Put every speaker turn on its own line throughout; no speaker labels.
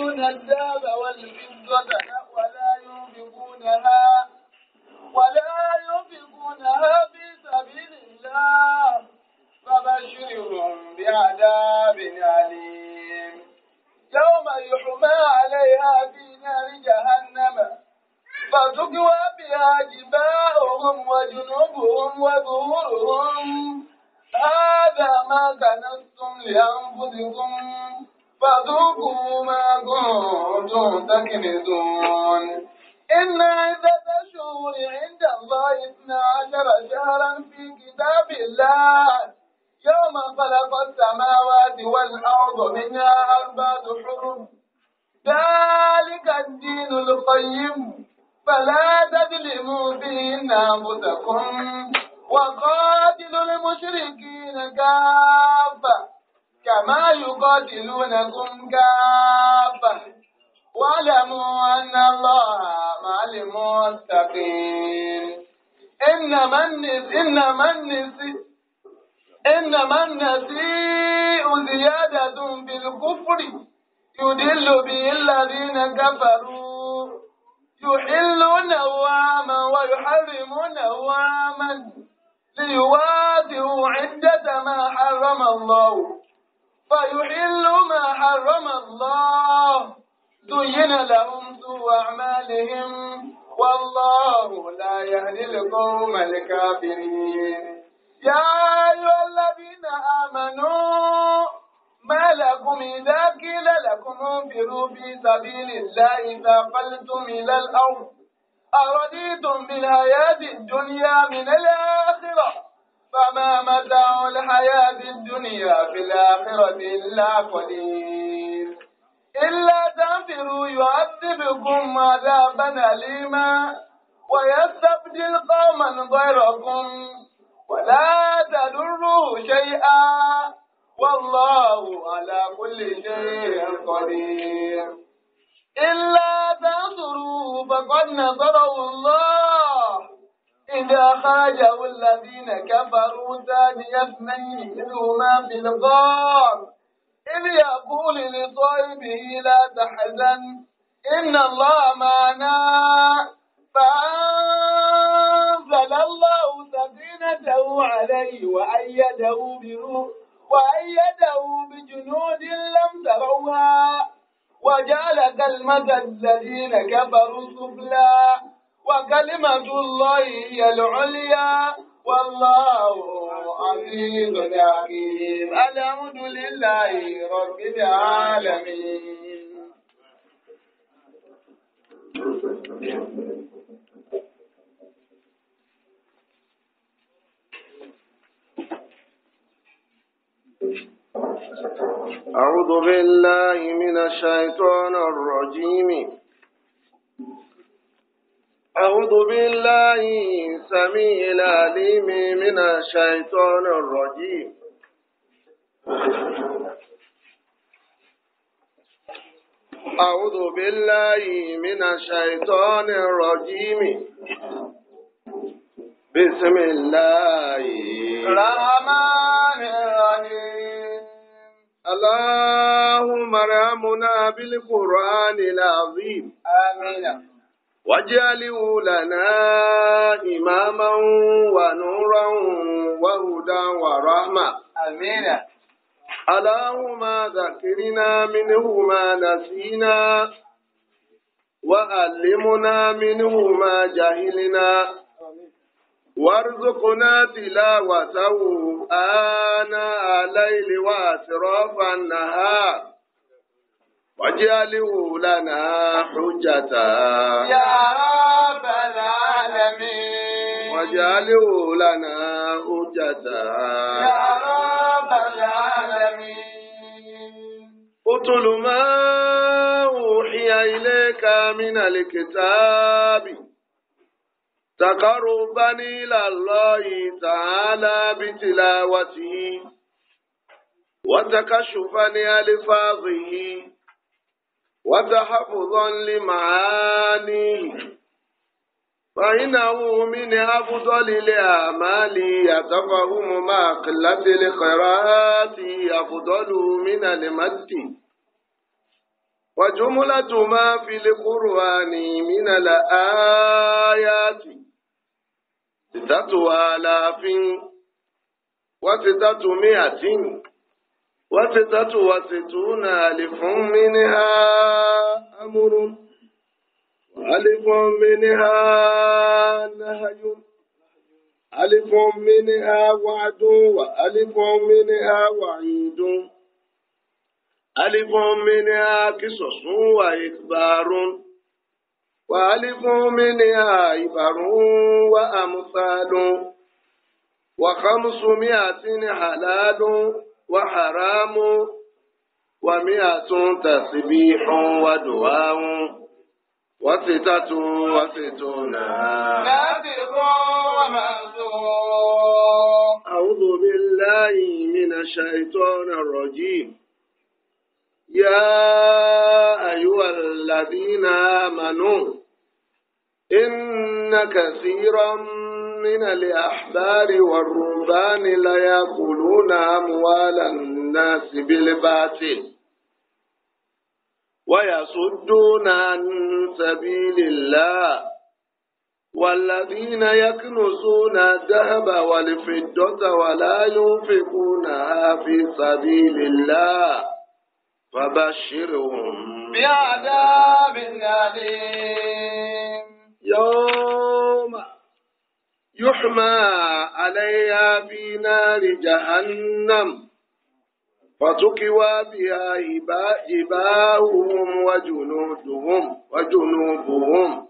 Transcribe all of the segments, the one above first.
يؤتون الذهب والفضة ولا ينفقونها ولا ينفقونها في سبيل الله فبشرهم بعذاب أليم يوم يحمى عليها في نار جهنم فتكوى بها جباههم وجنوبهم وظهورهم هذا ما كنتم لأنفسكم فذوقوا ما كنتم تكنزون إن عدة الشهور عند الله اثنا عشر شهرا في كتاب الله يوم خلق السماوات والأرض منها أربعة حرم ذلك الدين القيم فلا تظلموا فيهن أنفسكم وقاتلوا المشركين كافة kàmá yòókọ́ tìlú nàkún gáàbà واعلموا أن الله مع المتقين إنما إنما إنما النسيء زيادة في الكفر يدل به الذين كفروا يحلون عاما ويحرمون عاما ليوادوا عدة ما حرم الله فيحل ما حرم الله زين لهم سوء أعمالهم والله لا يهدي القوم الكافرين يا أيها الذين آمنوا ما لكم إذا قيل لكم انفروا في سبيل الله ثقلتم إلى الأرض أرضيتم بالحياة الدنيا من الآخرة فما متاع الحياة الدنيا في الآخرة إلا قليل إلا تنفروا يعذبكم عذابا أليما ويستبدل قوما غيركم
ولا
تضروه شيئا والله على كل شيء قدير إلا تنصروا فقد نصره الله إذا خاجه الذين كفروا ثاني اثنين منهما في الغار إذ يقول لصاحبه لا تحزن إن الله معنا فأنزل الله سكينته عليه وأيده بروح وأيده بجنود لم تروها وجعل كلمة الذين كفروا سفلا وكلمة الله هي العليا والله عزيز حكيم الحمد لله رب العالمين أعوذ بالله من الشيطان الرجيم أعوذ بالله سميع العليم من الشيطان الرجيم أعوذ بالله من الشيطان الرجيم بسم الله الرحمن الرحيم اللهم ارحمنا بالقرآن العظيم آمين na iwlana himmawụwaroụwuwama alahụmadakirinhụmna sinaama ima ahiwrkona dilaatawu ana alailiwtirfanaha واجعله لنا حجة يا رب العالمين واجعله لنا حجة يا رب العالمين اتل ما أوحي إليك من الكتاب تقربا إلى الله تعالى بتلاوته وتكشفا ألفاظه وتحفظا لمعانيه فإنه من أفضل الأعمال يتفهم مع قلة القراءات أفضل من المد وجملة ما في القرآن من الآيات ستة آلاف وستة مئة وستة وستون ألف منها أمر ألف منها نهي ألف منها وعد وألف منها وعيد ألف منها قصص وإخبار وألف منها عبر وأمثال وخمسمائة حلال wa haramu wa mi'atun tasbihun wa du'a'un wa sitatun wa situna. Nafiqun wa ma'zun. A'udhu billahi minash shaitonir rajim. يا أيها الذين آمنوا إن كثيرا من الأحبار والرهبان ليأكلون أموال الناس بالباطل ويصدون عن سبيل الله والذين يكنزون الذهب والفضة ولا ينفقونها في سبيل الله فبشرهم بعذاب أليم يوم يحمى عليها في نار جهنم فتكوى بها جباههم وجنودهم وجنوبهم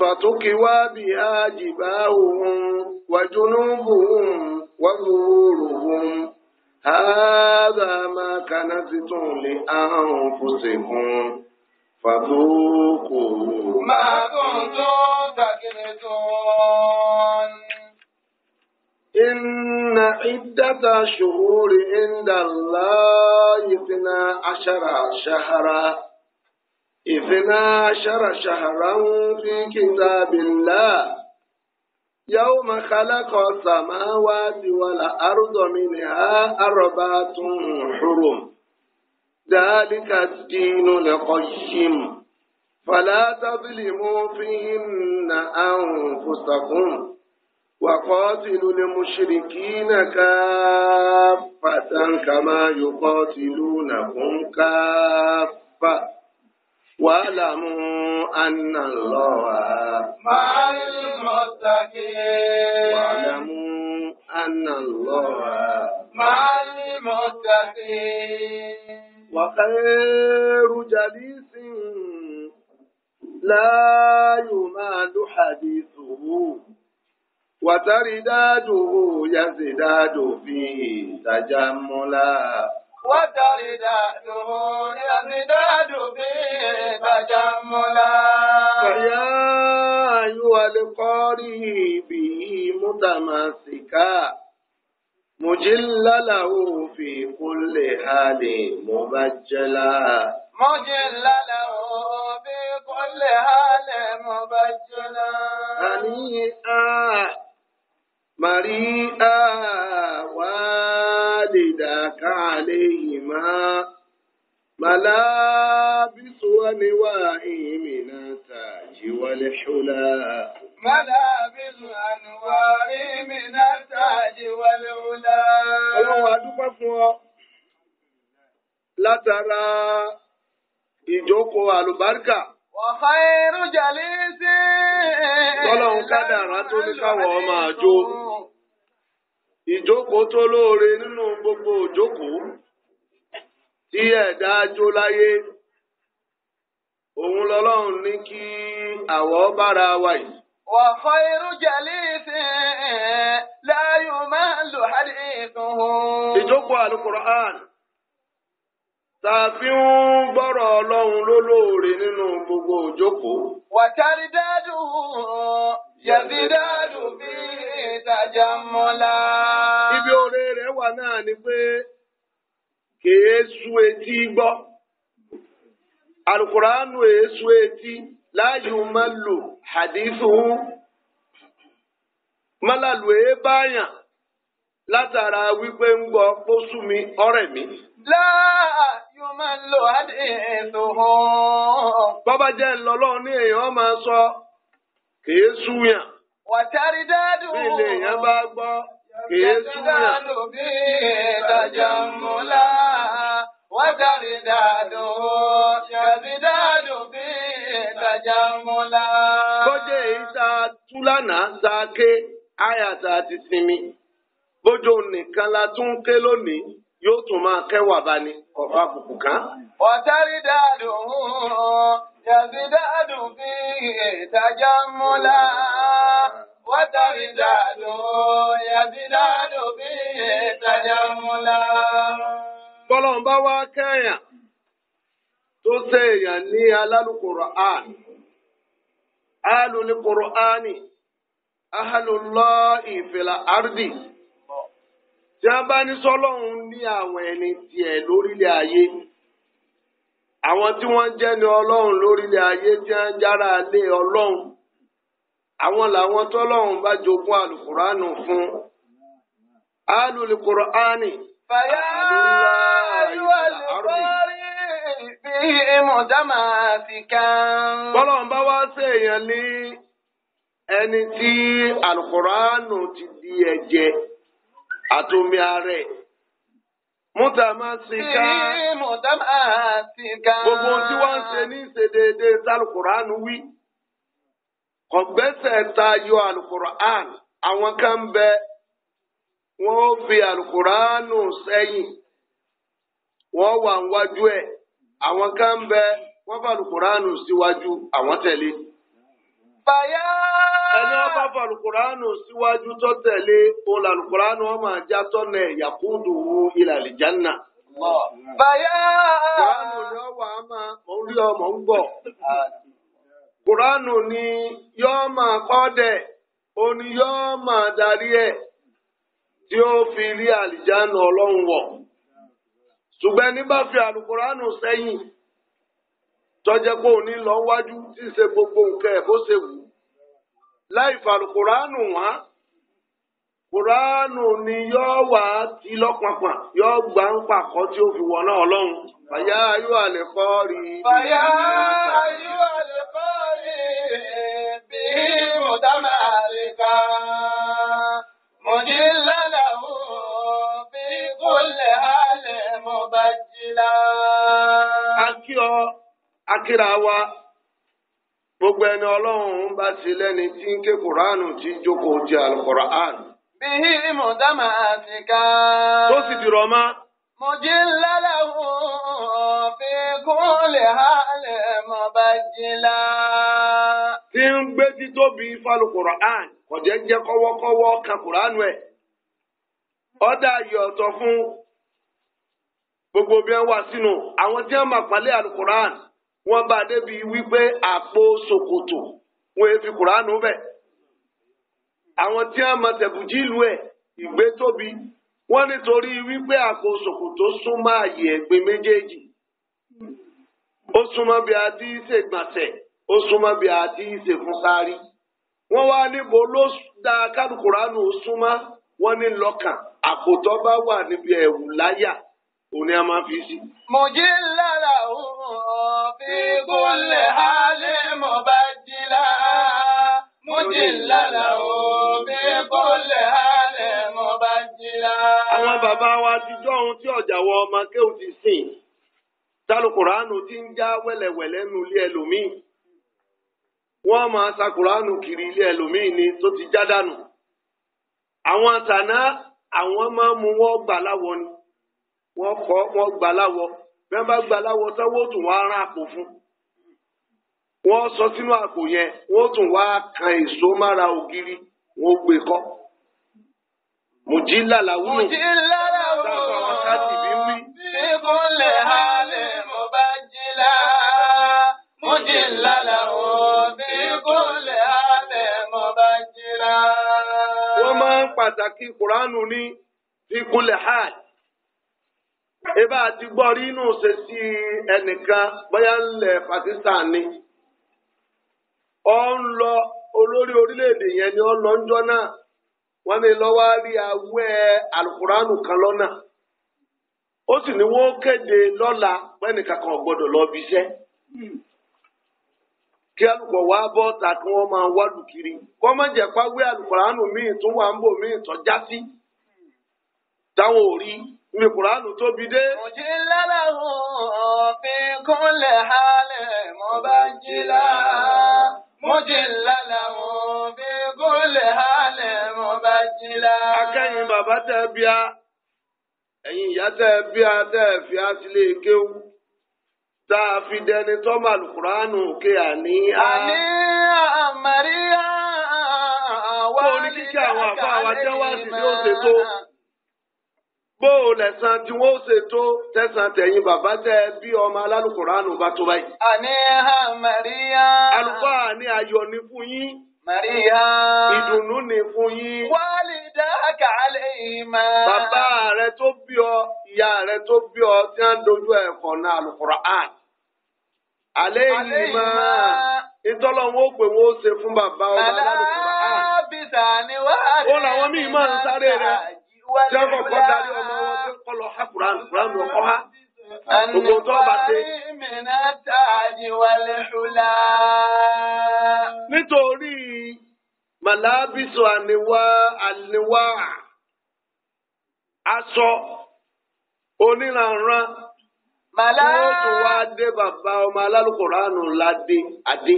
فتكوى بها جباههم وجنوبهم وظهورهم هذا ما كنزتم لأنفسكم فذوقوا ما كنتم تكذبون إن عدة شهور عند الله اثنا عشر شهرا اثنا عشر شهرا في كتاب الله يوم خلق السماوات والأرض منها أربعة حرم ذلك الدين القيم فلا تظلموا فيهن أنفسكم وقاتلوا المشركين كافة كما يقاتلونكم كافة واعلموا أن الله مع المتقين واعلموا أن الله مع المتقين وخير جليس لا يمال حديثه وترداده يزداد فيه تجملا وترداده يزداد فيه تجملا فيا أيها القارئ به متمسكا له في كل حال مبجلا له في كل حال مبجلا هنيئا مريئا والداك عليهما
ملابس
ونوائي من التاج والحلى Mọ́lábìlú ànúwárí mìíràn tààjì wà lóòlá. Ọlọ́run adúpẹ́ fún ọ látara ìjókòó àlùbáríkà. Wàháírú jàlí sí. Tọ́lọ́run kádàrá tó ọmọ Ìjókòó tó lóore nínú gbogbo òjókòó tí ẹ̀dá ajó láyé òun lọ́lọ́run ní kí àwọ̀ bára wáyé. وخير جليس لا يمل حديثه ìjókòó alukur'an tàfihàn gbọ́rọ̀ ọlọ́run lólóore nínú gbogbo òjókòó. wàtárí dáàdù yẹ̀bí dáàdù bí ìtajà mọ́lá. ibi oore rẹ̀ wà náà láàyò ma lò hadithu mọ́làlù èé báyàn látara wípé ń gbọ́ kó sú mi ọ̀rẹ́ mi. láàyò máa bọ́bá jẹ́ ńlọ́lọ́ ní èèyàn máa sọ kìí jámọ́lá. Bọ́jẹ́ èyí tá a tú lánàá ti sinmi. Bójú nìkan la tún ké lónìí yóò tún máa kẹ́wà bani kọ̀ọ̀fà kùkù kan. Ọ̀tárí dáadùn yàtí dáadùn fi ìtajà múlá. Ọ̀tárí dáadùn yàtí dáadùn fi ìtajà múlá. Bọ́lọ̀ ń bá wá kẹ́yàn. tó sèèyàn ní alálùkùránì alùlùkùránì ahàlùlọ́ọ̀hì fìlà àrùdì tí a bá ní sọ́lọ́hún ní àwọn ẹni tiẹ̀ lórílẹ̀ ayé àwọn tí wọ́n jẹ́ ní ọlọ́run lórílẹ̀ ayé tí wọ́n jára lé ọlọ́run àwọn làwọn bá jogún fún fàyà bọ́lọ́n bá wá ṣèèyàn ní ẹni tí alukóránù ti di ẹ̀jẹ̀ àtomi ara ẹ̀ mútàmásíká gbogbo tí wọ́n ń ṣe ní ìṣedéédé sálùkùránù wí kọ̀gbẹ́sẹ̀ tayọ alukóránù àwọn kan ń bẹ wọ́n fi alukóránù sẹ́yìn wọ́n wà níwájú ẹ̀. àwọn kan ń bẹ bá síwájú àwọn tẹ̀lé. bàyá. ẹni wọn bá bá lùkùránù síwájú tó tẹ̀lé òun là lùkùránù wọn máa já yakudu ila aljanna. bàyá. kùránù ni ó wà á máa ọmọ ń ni máa kọ́ máa darí tí fi rí àlìjánu ọlọ́run wọ̀. ṣùgbọ́n ẹni bá fi àlùkòránù sẹ́yìn tọ́jẹ́ pé òní lọ wájú tí ṣe gbogbo nǹkan ẹ̀ bó ṣe wù ú láì fàlùkòránù wá kòránù ni yóò wá ti lọ́pọ̀pọ̀ yóò gbà ń pàkọ́ tí ó fi wọ̀ náà ọlọ́run. Bàyá ayọ́ àlè kọ́ rí. Bàyá ayọ́ àlè kọ́ rí bí mo dá máa lè ka. Mo ní lálàó bí kò lè á. akíọ akíra wa gbogbo ẹni ọlọ́run ń bá ti lẹ́ni tí ń ké tí jókòó ti alukùrán. bíi ìmọ̀ dámà àti ká. tó sì dìrọ̀ mọ́. mo jí lálẹ́ wò fi kúnlẹ̀ hálẹ̀ bá jí tí ń gbé kọ̀jẹ́ jẹ́ kọ́wọ́kọ́wọ́ fún gbogbo bí wọ́n wà sínú àwọn tí wọ́n máa pàlẹ́ alukoran wọ́n bá débi wípé àpò ṣòkòtò wọn èé fi koran bẹ̀ àwọn tí wọ́n máa tẹ̀bùjí ìlú ẹ̀ ìgbé tóbi wọ́n nítorí wípé àpò ṣòkòtò súnmọ́ àyè ẹ̀gbin méjèèjì ó súnmọ́ bí a ti ṣègbàsẹ̀ ó súnmọ́ bí a ti ṣe fún sáré wọ́n wá níbo ló da kálukùránù súnmọ́ wọ́n ní lọ́kàn àpòtọ́ bá wà níbi ẹ̀wù láyà òun a máa fi sí. mo jí lára òun ọ̀bí kúnlẹ̀ alẹ́ mo bá jí lára. mo jí lára òbí kúnlẹ̀ alẹ́ mo bá jí lára. àwọn bàbá wa ti jọ ohun tí ọjà wọ ọmọ kéwù ti sìn tálùkùránù ti ń já wẹ́lẹ̀wẹ̀lẹ́ nu ilé ẹlòmíì wọ́n máa sa kùránù kiri ilé ẹlòmíì ni tó ti já dànù àwọn àtàná àwọn máa mú wọ́n gbà láwọn ni wọ́n kọ́ wọ́n gbà láwọ bí wọ́n bá gbà láwọ tán wọ́n tún wá rán àpò fún wọ́n sọ sínú àpò yẹn wọ́n tún wá kan èso mára ògiri wọ́n gbé kọ́ mùjílà làwùn mùjílà làwùn táwọn àwọn káàtì bí wí. síkúnlẹ̀ halẹ̀ mo wọ́n máa ń pàtàkì kùránù ní síkúnlẹ̀ halẹ̀. ebe a ti gbọ́ rí inú ṣe sí ẹnìkan bóyá ńlẹ̀ Pakistan ni ọ ń lọ olórí orílẹ̀-èdè yẹn ni ọ lọ ń jọ náà wọ́n ní lọ́wọ́ rí awẹ́ alukuraanu kan lọ́nà ó sì ní wọ́n kéde lọ́la pẹ́ẹ́nìkan kan gbọ́dọ̀ lọ bí iṣẹ́ kí alùpùpù wá bọ́ ta kí wọ́n máa wá lù kiri kọ́ má jẹ́ pàwé alukuraanu míì tó wà ń bò míì tó já sí táwọn ò rí. ní kuranu tóbi dé. òjì lára òfin kúnlẹ̀ halẹ̀ mo bá jí la. Mojì lálẹ́ òfin kúnlẹ̀ halẹ̀ mo bá jí la. Akẹ́yìn bàbá tẹ́ bíá, ẹ̀yin ìyá tẹ́ bíá tẹ́ fi á sílé kéwú tá a fi dẹni tọ́mọ alukuraanu òkè àní á. àní àmàríyá wà ní kíkẹ́ àwọn àbá wa jẹ́ wá sí ní òṣèso. bóò san tí wọ́n ṣe tó tẹ̀sán tẹ̀yìn bàbá tẹ bí ọmọ alálùkùránù bá tó báyìí. àní ha ayọ̀ ni fún yín. Màríyá. ìdùnnú ní fún yín. wálé dáàkà alẹ́ yìí bàbá rẹ tó bí ọ ìyá rẹ tó bí ọ tí wọ́n dojú ẹ̀kọ́ náà alùkùránù.
alẹ́ yìí máa
ìtọ́lọ́wọ́ pé wọ́n ṣe fún bàbá alálùkùránù. ni wàá ó làwọn míì máa ń sáré kọlọ ha kuran kuran lọ kọ ha. Gbogbo tó bá ṣe. Nítorí màlábísọ̀ àníwá àníwá aṣọ oníranran. Màlá. Wọ́n tún wá dé bàbá ọmọ alálùkòránù ládé adé.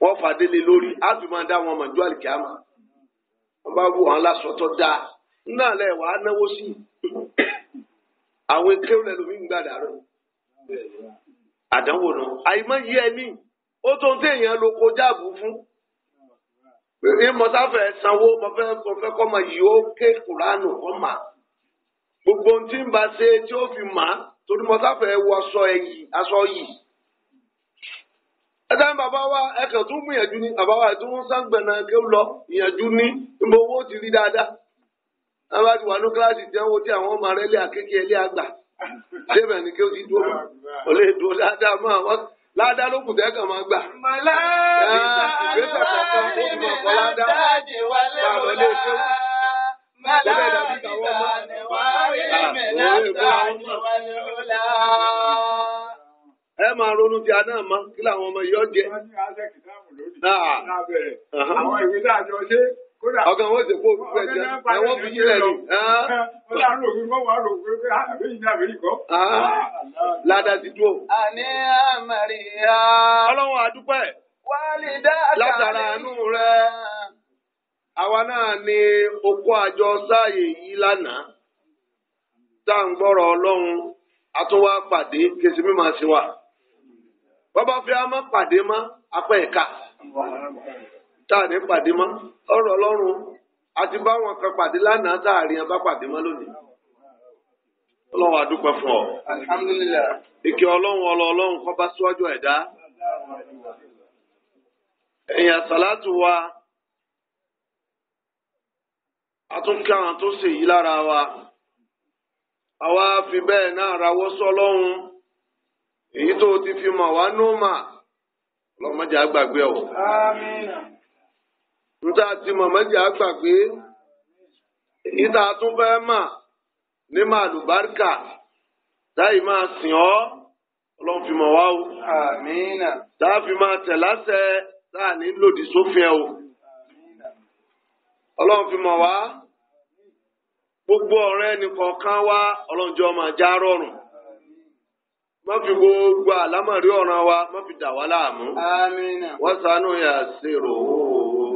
Wọ́n fàdélé lórí. Á tún máa dá wọn mọ̀ ju àlìkí Wọ́n bá wù wọn lásọ dáa náà lẹ wàá náwó sí àwọn ekéwù lẹ lómi ń gbà dàrú àdánwò náà àyìnbó yí ẹmí ó tó ń téèyàn lo kọjá àbú fún ní mọ̀sáfẹ́ sanwó mọ̀fẹ́ mọ̀fẹ́ kọ́ yìí ó ké kùránù kọ́ gbogbo ohun tí ń bá ṣe tí ó fi mà torí mọ̀sáfẹ́ wọ aṣọ ẹ̀yì aṣọ yìí. ẹ̀sán bàbá wa ẹ̀kẹ́ tún gbìyànjú ni bàbá wa ẹ̀tún wọn sáǹgbẹ̀nà kí ó lọ ìyànjú ní gbogbo owó ti rí dáadáa wọn bá ti wà ní kíláàsì tí wọn ti àwọn ọmọ rẹ lé akéèké ẹlẹ àgbà débẹ ni kí o ti dúró o lè dúró dáadáa mọ àwọn ládàá ló kù tẹ́kàn máa gbà. mọ̀lá mi sọ wá rí mi ládàá jì wálé wọlá. mọ̀lá mi sọ ẹ máa ronú ti aná mọ kí làwọn ọmọ yìí ọ àwọn ìwé náà jọ ṣe. ọ̀gá wọn ti kó òfúfẹ́ jẹ ẹ̀wọ́n fi yílẹ̀ ni. Ah, ah. Ah, ládàá ti àdúpẹ́. wálé dáadáa látara àánú rẹ. náà ni okó àjọ sáàyè yìí lánàá tá ń gbọ́rọ̀ ọlọ́run àtúwá pàdé pàdé tá pàdé mọ, ọ̀rọ̀ ọlọ́run àti báwọn kan pàdé lánàá tá à ẹ bá pàdé mọ́ lónìí. ọlọ́run àdúpẹ́ fún ọ. alhamdulilayi. ìkẹ́ ọlọ́run ọlọ́ ọlọ́run kọ́ bá síwájú ẹ̀dá.
èèyàn sàlátù
wa àtúnkẹ́ àwọn tó ṣe yìí lára wa àwa fi bẹ́ẹ̀ náà rawọ́ sọ́lọ́run èyí tó ti fi mọ̀ wá nù mà lọ́mọdé àgbàgbé ọ̀.
àmín.
níta ti mọ̀mọ́jì àgbà pé níta tún fẹ́ mà ní màlúbáríkà táyì máa sìn ọ́ ọlọ́run fi mọ̀ wá o. àmínà. tá a fi máa tẹ̀ lásẹ̀ tá a ní lòdì sófin ẹ̀ o. àmínà. ọlọ́run fi mọ̀ wá gbogbo ọ̀rẹ́ nìkọ̀ọ̀kan wá ọlọ́run jọ máa já rọrùn má fi gbogbo àlámọ̀rí ọ̀ràn wa má fi dà wá láàmú. àmínà. wọ́n ṣàánú yà sí rò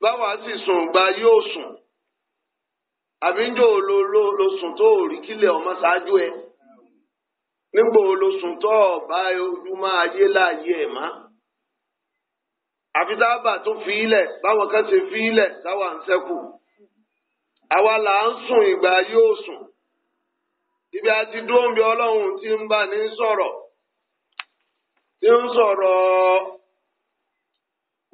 báwa sì sùn gba yóò sùn àbí ń jò lo lo lo sùn tó rí kílẹ̀ ọmọ ṣáájú ẹ nígbò lo sùn tó ọba ojú máa yé láàyè ẹ̀ má àfi tábà tó fi ilẹ̀ báwọn kan ṣe fi ilẹ̀ táwa ń ṣẹ́kù àwa là ń sùn ìgbà yóò sùn ibi àti dóńbi ọlọ́run tí ń bá ní sọ̀rọ̀ tí ń sọ̀rọ̀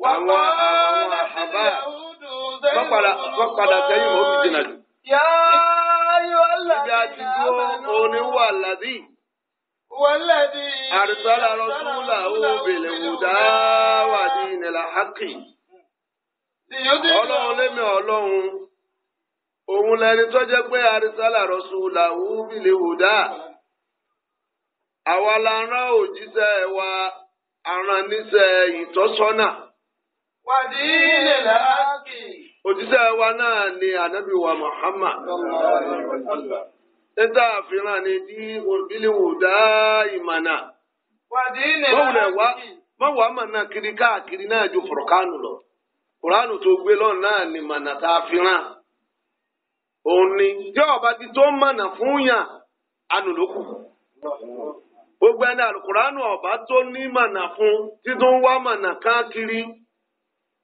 wàá
Tọ́padà sẹ́yìn ló fi jìnnà dị Ibi àti dúró òní wà ládì. Àrísálà rọ́súlà ó bèlè wa wà ní ìnìlà hákì. Ọlọ́run lémi ọlọ́run. Òun lẹni tó jẹ́ pé àrísálà rọ́súlà ó bèlè wùdá. Àwa la rán òjíṣẹ́ wa, ìtọ́sọ́nà. Òjíṣẹ́ wa náà ni ànábì Muhammad. Títà àfihàn ni ní òbílíwò dá ìmànà. Mọ̀wùlẹ̀ wá kiri káàkiri náà ju Fùrọ̀kánù lọ. Kùránù tó gbé lọ́nà náà ni a fi ràn. ti tó mànà fún yàn anùlókù. Gbogbo ẹni àlùkùránù ọba tó ní fún títún wá káàkiri.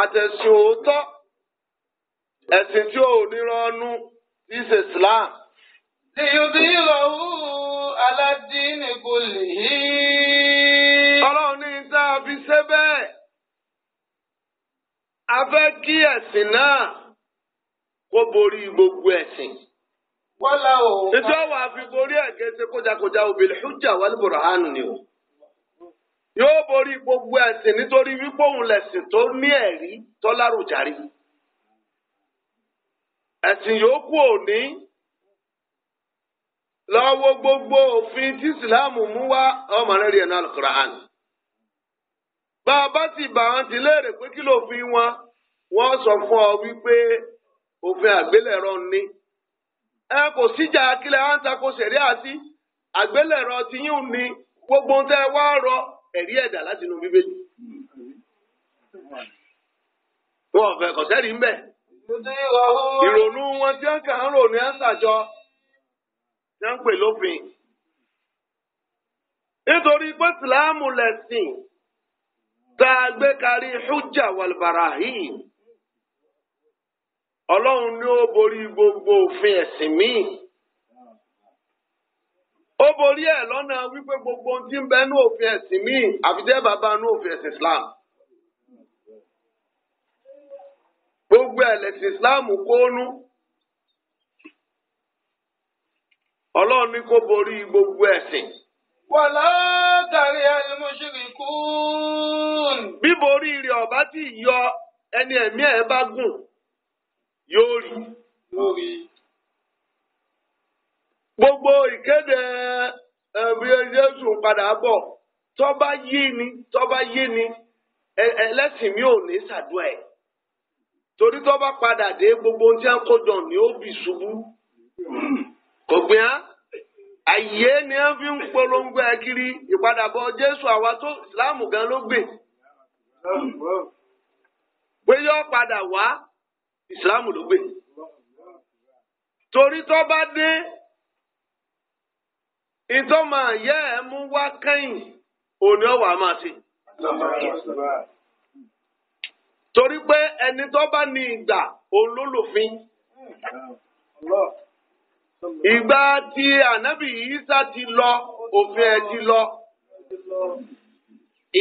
àtẹ̀sìn òótọ́ ẹ̀sìn tí ò ní rọ́nú tí ṣe Islam.
Ìyóbi ìrọ̀wù
aládìní kò lè Ọlọ́run ní tá a fi A fẹ́ kí ẹ̀sìn náà gbogbo ẹ̀sìn. Wọ́n la òun. Ìjọba àfi borí ẹ̀gẹ́ ṣe ni o. yóò borí gbogbo ẹ̀sìn nítorí wípé òun lẹ̀sìn tó ní ẹ̀rí tó lárùjárí ẹ̀sìn yòókù òní lọ́wọ́ gbogbo òfin tí ìsìláàmù mú wá ọmọ rí ẹ̀ náà quran bá a bá sì bá wọn ti léèrè pé kí ló fi wọn wọ́n sọ fún ọ wípé òfin àgbélẹ̀rọ ni ẹ kò síjà kílẹ̀ à ń takò àgbélẹ̀rọ ti ni gbogbo ń tẹ́ wá rọ ẹ̀rí ẹ̀dá láti inú bíbélì. wọn ò fẹ́ kọ̀sẹ́rì ń bẹ̀. ìrònú wọn tí wọn kà ń rò ní àṣàjọ tí ń pè lófin. nítorí pé sìláàmù lẹ̀sìn tá a gbé kárí hujja wàlbàràhìn ọlọ́run ni ó borí gbogbo òfin ẹ̀sìn míì. ó borí ẹ̀ lọ́nà wípé gbogbo ohun tí ń bẹ ní òfin ẹ̀sìn míì àfijẹ́ bàbá ní òfin ẹ̀sìn Islam. gbogbo ẹ̀lẹ́sìn Islam kónú. Ọlọ́run ní kó borí gbogbo ẹ̀sìn. Wàlá tàrí al-mushrikun. Bíborí rẹ̀ ọ̀bá tí yọ ẹni ẹ̀mí ẹ̀ bá gùn yóò rí. Yóò rí gbogbo ìkéde ẹ̀rí Jésù padà bọ̀ tọ́ba yé ni tọ́ba yé ni ẹlẹ́sìn mi ò ní ṣàdúrà ẹ̀ torí tọ́ba padà dé gbogbo ohun tí a ń kó jọ ní ó bì ṣubú kò gbìn án àyè ni a fi ń polongo ẹ kiri ìpadàbọ̀ Jésù àwa tó ìsìláàmù gan ló gbè pé yọ padà wá ìsìláàmù ló gbè torí tọ́ba dé. ìtọ́mọ yẹ ẹ̀ mú wá kẹ́yìn òní ọ̀wà máa torí pé ẹni tó bá ní ìgbà òun ló lòfin. ìgbà tí ànábì ti lọ òfin ẹ ti lọ.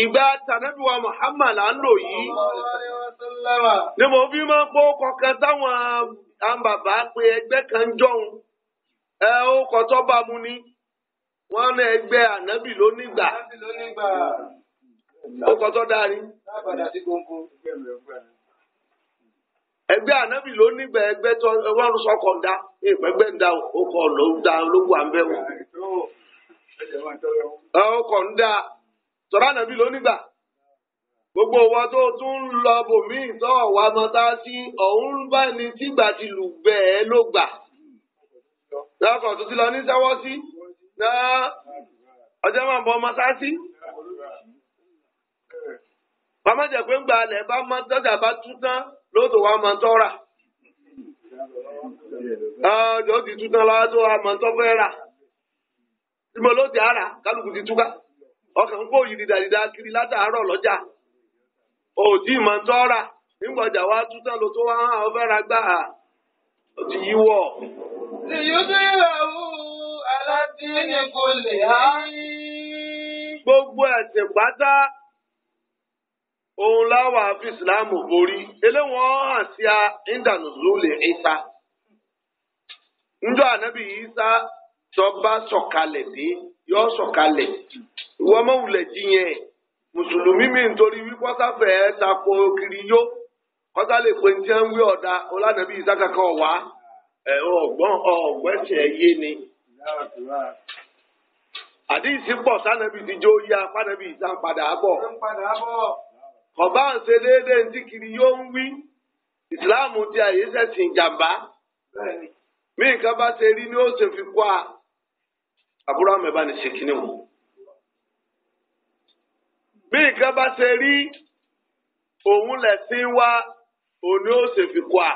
ìgbà tànábì wa Muhammad là yi. lò
yìí.
ni mo fi máa ń pọ́ kọ̀ọ̀kan táwọn bàbá pé ẹgbẹ́ kan jọ̀hún. ẹ ó kọ́ tó bá mu ni. wọ́n ní ẹgbẹ́ ànábì ló nígbà ó kọ́ tó dáa ni. ẹgbẹ́ ànábì ló nígbà ẹgbẹ́ tó wọ́n sọ kọ̀ dá ìpẹ́gbẹ́ ń da ó kọ̀ ló ń da olówó àmbẹ́ wò. ó kọ̀ ń da tọ́lá ànábì ló nígbà gbogbo wa tó tún ń lọ bòmíì tó wà mọ́tá sí ọ̀hún bá ní tìgbà ti lù bẹ́ẹ̀ ló gbà. lọ́kọ̀ tó ti lọ ní sẹ́wọ́ sí. ọjọ́ máa bọ́ mọ́sáàsì. Bàmá jẹ́ pé ń gba alẹ̀ bá mọ́ tọ́jà bá tán lóòótọ́ wa máa tọ́ra. Ọjọ́ ti tú tán lọ́wọ́ tó wa máa tọ́ fẹ́ ara kálukú ti túká. Ọkàn yìí kiri látàárọ̀ lọ́jà. máa wa tán ra gbà. Gbogbo ẹ̀sìn pátá òun láwà fi ìsìláàmù borí. Eléwọ̀n hàn sí a ìdànùsùlù lè Njọ́ ànábì Ìsá tó bá sọ̀kalẹ̀ dé yọ sọ̀kalẹ̀. Ìwọ mọ̀wùlẹ̀ Mùsùlùmí mi nítorí kiri yó. lè pe ń wí wá. àdìsí pọ̀ sánẹ́bì ti jó yá pánẹ́bì ìtàn padà bọ̀ kọ̀bá ń ṣe déédéé ní kiri yóò ń wí ìsìláàmù ti àyè sẹ̀sìn ìjàmbá mí nǹkan bá ṣe rí ni ó ṣe fi kọ́ a àbúrò àmì bá ṣe kíní wò bí nǹkan bá ṣe rí òun lẹ̀sìn wá òun ni ó ṣe fi kọ́ a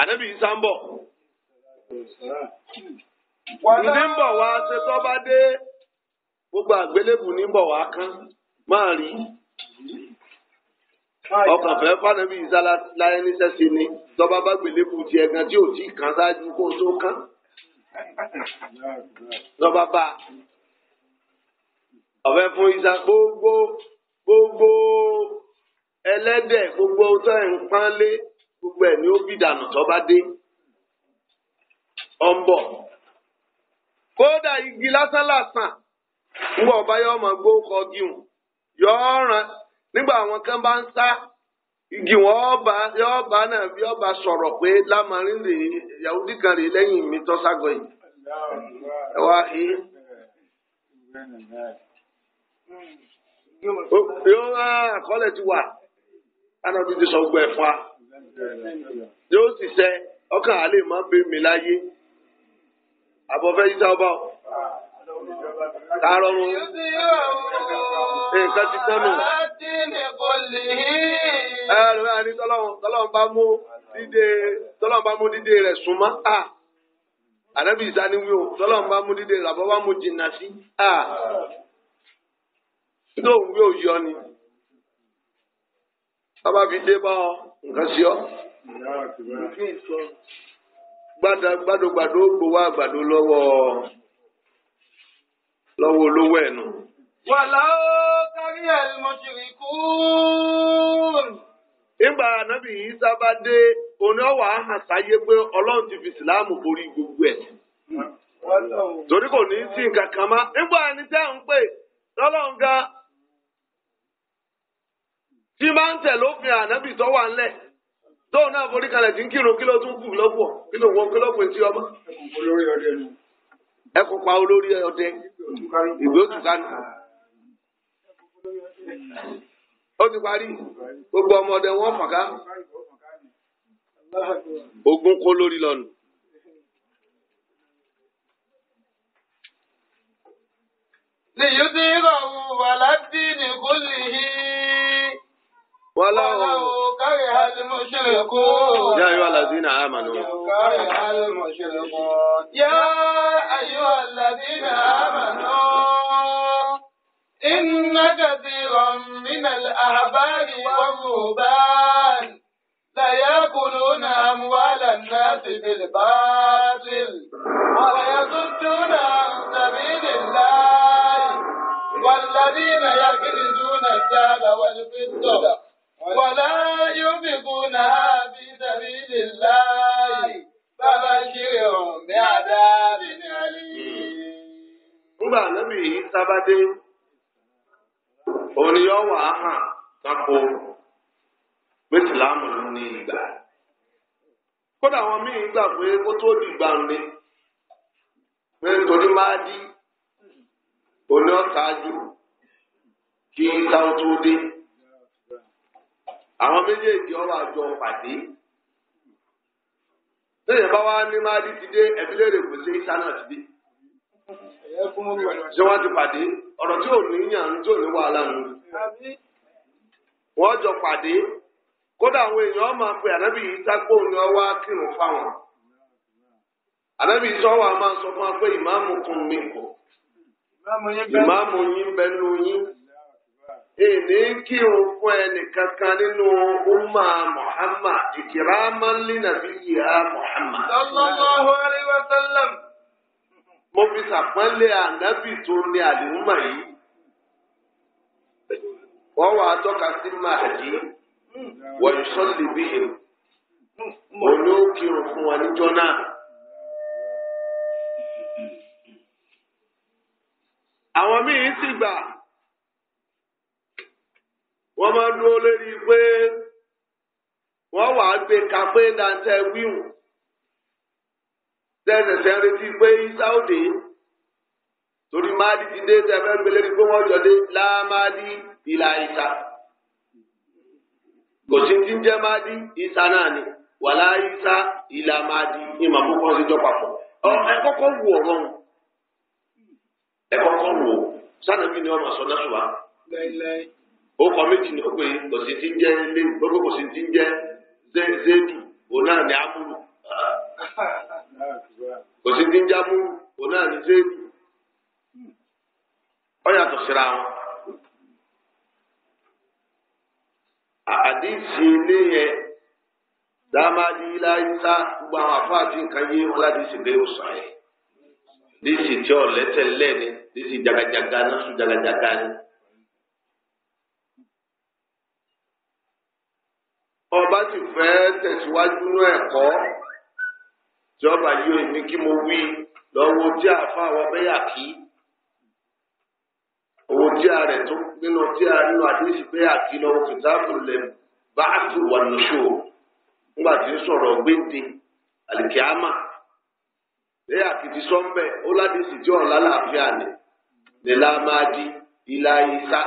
ànábì yìí sáńbọ̀ ní ń bọ̀ wá ṣe tó bá dé gbogbo àgbélébù ní ń bọ̀ wá kán máa rí ọkàn fẹ́ fànàbí ìsálà láyé níṣẹ́ sí ni tọ́ba bá gbélébù tiẹ̀ gan tí ò tí kan ṣáájú kó tó kán lọ́ba bá ọ̀fẹ́ fún ìsà gbogbo gbogbo ẹlẹ́dẹ̀ gbogbo tó ẹ̀ ń pánlé gbogbo ẹ̀ ni ó bí dànù tọ́ba dé. ọbọ ń igi lásán lásán ọba yọọ ma gbó kọ gíwùn nígbà àwọn kan bá ń sá igi wọn ọba ọba náà bí ọba sọ̀rọ̀ pé lámarin rèé Yahudi kan rèé lẹ́yìn mi sọ gbọ yóò sì sẹ ọkàn àlè má bẹ àbọ̀fẹ́ yìí tá a bá tààrọ̀ rún nǹkan ti tọ́nu. ẹ ẹ lọ́wọ́ àní tọ́lọ́wọ́n bá mú dídé tọ́lọ́wọ́n bá mú dídé rẹ̀ súnmọ́ a ànábì ìsáni wí o tọ́lọ́wọ́n dídé rẹ̀ jìnnà sí tó ń wí òyìn ọ ni fi dé bá ọ nǹkan sí ọ. gbàdógbàdó gbowó àgbàdo lọwọ lọ́wọ́ olówó ẹ̀nu. wàlá ó kárí ẹ̀lmọ́jìrìkún. nígbà ànábì yìí sábà dé oní ọ̀wà hàn sáyé pé ọlọ́run ti fi ìsìláàmù borí gbogbo ẹ̀. torí kò ní í sí nǹkan kan mọ́ nígbà ní tẹ́ ń pè lọ́lọ́run tóun náà forí kalẹ̀ tí ń kírun kí ló tún kù lọ́pọ̀ kí ló wọ kí lọ́pọ̀ etí ọmọ. ẹ kò pa olórí ọdẹ ìgbó tùkánù. ó ti parí gbogbo ọmọ ọdẹ wọn ogun kó lórí lọ́nu. ولو كره المشركون يا أيها الذين آمنوا كره المشركون يا أيها الذين آمنوا إن كثيرا من الأحبار والرهبان ليأكلون أموال الناس بالباطل ويصدون عن سبيل الله والذين يكنزون الذهب والفضة wàlá yóò fi kún náà bí tàbí lè láàyè bàbá kiri ọ̀hún ní àdá bí ní àlè. Nígbà níbi yìí sábàdé, òun ni yóò wà á hàn kápò pé ló ní ìgbà. Kódà àwọn míì gbà pé kó tó di ìgbà pé nítorí máa dí, òun ni kí táwọn tó dé àwọn méjèèjì ọwọ́ àjọ pàdé lẹ́yìn bá wá ní máa di ti dé ẹbí léèrè kò sí ìṣá náà ti dé ṣé wọ́n ti pàdé ọ̀rọ̀ tí ò ní yàn tí ò ní wàhálà nù wọ́n jọ pàdé kódà àwọn èèyàn máa pe ànábì yìí ni ní ọwọ́ kírun fáwọn ànábì sọ́wọ́ a máa sọ fún wa pé ìmáàmù kún mi kù ìmáàmù yín bẹ́ẹ̀ lóyún. èní kírun fún ẹnì kankan nínú umma Muhammad ikraman li nabiyyiha Muhammad. mo fi sàpọ́nlé ànábì tó ní àlùmọ̀ yìí. wọ́n wà á tọ́ka sí wọ́n yìí sọ́ọ̀lì fún wa níjọ́ náà. àwọn sì gbà. wọ́n máa dúró lérí pé wọ́n wàá gbé kápé dantẹ wíwù tẹ́sẹ̀sẹ̀ retí pé sáwùdì torí máàdì ti dé tẹ́fẹ́ gbélé ní pé wọ́n jọ dé láàmáàdì ìlà ìta kò sí ti ń jẹ́ máàdì ìta náà ni wàlá ìta ìlà máàdì ìmọ̀ púpọ̀ ṣe jọ papọ̀ ẹ kọ́kọ́ wù ọ̀rọ̀ wọn ẹ kọ́kọ́ wù ọ sanabi ni wọn máa sọ náà sùn ó kọ méjì ní pé kò sí ti ń jẹ́ ilé gbogbo kò sí ti ń jẹ́ zéèdù òun náà ní amúlù kò sí ti ń jẹ́ amúlù òun náà ní zéèdù ó yàtọ̀ síra wọn. àdìsí ilé yẹn dámàdí láyíká gbogbo àwọn àfáà nǹkan yé wọn lé òsàn yẹn. dísì tí ọ̀lẹ́tẹ̀ lẹ́ni dísì jagajaga náà sùn jagajaga ni. bá sì fẹ́ tẹ̀síwájú ní ẹ̀kọ́ tí ọba yóò èmi kí mo wí lọ́wọ́ tí a fa àwọn bẹ́yà kí owó tí a rẹ̀ tó nínú tí a nínú àdéhùn bẹ́yà kí lọ́wọ́ kìtàbù lẹ̀ bá a fi wà lóṣù nígbà tí ń sọ̀rọ̀ gbéǹde àlìkíámà bẹ́yà kì ti sọ́ńbẹ́ ó ládìsí tí ọ̀rọ̀ lálàáfíà ni lè la máa di ìlà ìsá.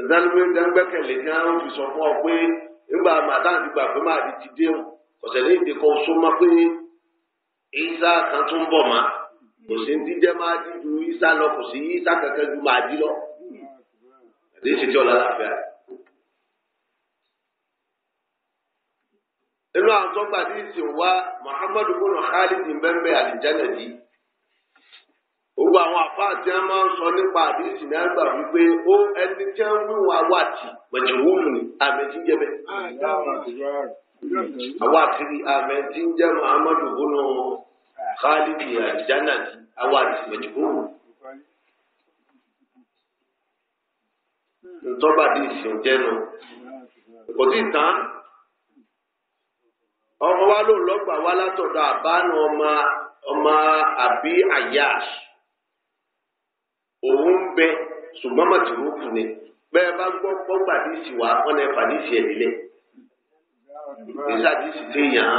ìdánimọ̀ ìdánimọ̀kẹ̀lẹ̀ ní àwọn fi sọ fún ọ pé nígbà màdán ti gbà pé máa di ti dé ọ̀sẹ̀ ní ìdíkọ̀ oṣù má pé ìsá kan tún bọ̀ kò sí ní máa di ju ìsá lọ kò sí ìsá kankan ju máa di lọ. ọ̀la inú àwọn tó gbà orú àwọn àfáà tí wọn máa ń sọ nípa àdéhùn náà gbà wípé ó ẹni tí wọn wí wọn wà tì mọ̀jẹ̀ wúmu ni àmì tí ń jẹ bẹ́ẹ̀. àwọn àtìrí àmì tí ń jẹ muhammadu bùnú khalidi àjánà àwọn àti mọ̀jẹ̀ wúmu. ntọ́ba di ìsìn jẹ́nu kò sí tán ọmọ wa ló lọ́gbà wa látọ̀dọ̀ àbánu ọmọ ọmọ àbí àyàṣ òun ń bẹ ṣùgbọ́n mọ̀tìrúkù ni bẹ́ẹ̀ bá gbọ́ gbọ́gbà ní ìsì wá wọn lè fà ní ìsì ẹ̀ nílẹ̀ nísàdí sì téèyàn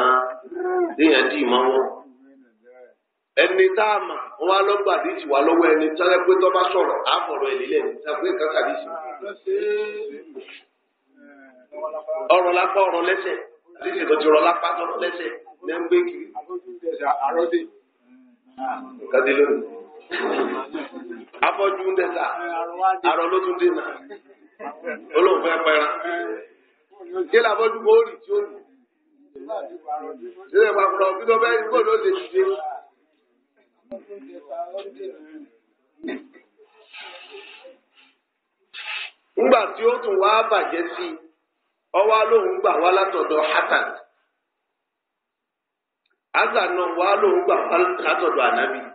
téèyàn dì mọ́ wọn. ẹni tá a mà wọn wá lọ́gbà ní ìsì wá lọ́wọ́ ẹni sáré pé tó bá sọ̀rọ̀ á fọ̀rọ̀ ẹ̀ nílẹ̀ sáré kàkà ní ìsì. ọ̀rọ̀ lápá ọ̀rọ̀ lẹ́sẹ̀ àdìsí tó ti rọ lápá tọ̀rọ̀ lẹ́sẹ̀ ní afọ́jú ń dẹ́ta arọ ló tún dènà olóhùn fẹ́ pẹran kí lè tí ó lù sílẹ̀ pàpàrọ̀ kí ló bẹ́ẹ̀ kó ló tí ó tún wá bàjẹ́ sí i, lóhùn gbà wá wá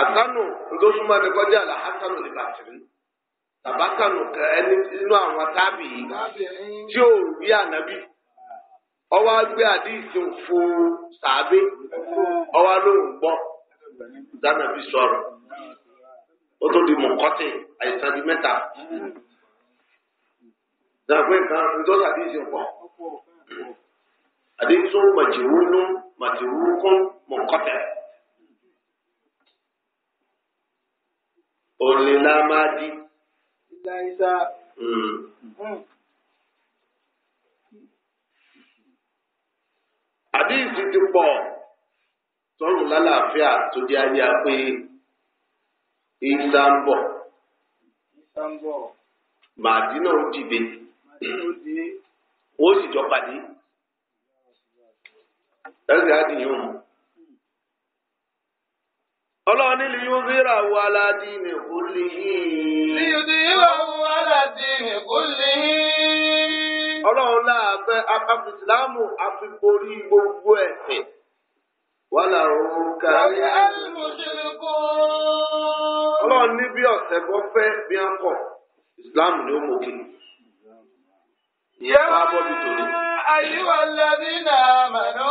àtànù ntòsúnmọ́ mi kọjá àlàhásánù ní bàtìrì tàbátànù kẹ ẹni nínú àwọn tábì yìí tí ò rí ànábì ọwọ́ agbé àdìsí fún sàbẹ ọwọ́ alóhùn gbọ́ dánàbí sọ̀rọ̀ ó tó di mọ̀kọ́tì àìsàn di mẹ́ta dàgbé nǹkan ntòsí àdìsí mọ̀kọ́tì. onílámádì. ìlà ìsà. Hmm. Hmm. àdéhìsì ti pọ̀ tọrùn lálàáfíà tó di ayé a pé ìsà ń bọ̀. ìsà ń bọ̀. màdínà ó dìde. màdínà ó dìde. ó sì jọ pàdé. ẹ̀sìn àdìyàn mu ọlọ́run ní liyunzira wo aládì mi kò lè yí. liyunzira wo aládì mi kò lè yí. ọlọ́run láàfẹ́ afisilamu afiporí gbogbo ẹ̀sìn. wàhálà òun kárí. kárí
alimusiriku. ọlọ́run
ní bí ọ̀sẹ̀ bọ́ fẹ́ bí wọ́n kọ̀ islam ni ó ìyá wa bọ́ bí ayé wa lẹ́ni náà mẹ́nu.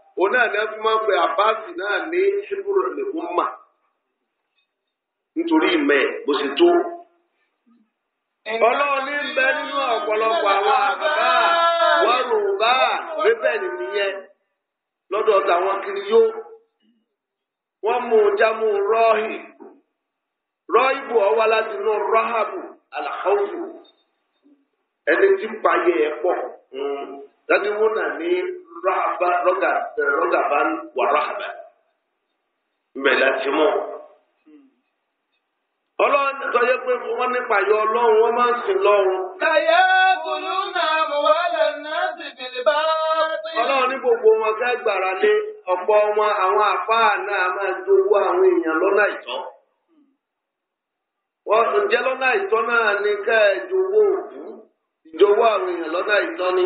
òun náà ní a fi máa ń pe àbáàsì náà ní hebrew lẹ́kún mà nítorí ìmẹ̀ bó ṣe tó. ọlọ́run bẹ nínú ọ̀pọ̀lọpọ̀ àwọn àbá wọ́rùbá bíbélì nìyẹn lọ́dọ̀ tàwọn kiri yó wọ́n mú jámú rọ́ọ̀hì ọwọ́ láti inú rọ́hàbù ẹni tí pọ̀ dájú hmm. wọn rọgaban wa nípa yọ wọn máa ń kùlù náà mo sí ọ̀pọ̀ ọmọ àwọn àfáà náà máa dowó àwọn èèyàn lọ́nà lọ́nà náà ni ká ẹ̀ òkú ìjọwọ́ àwọn èèyàn lọ́nà ni.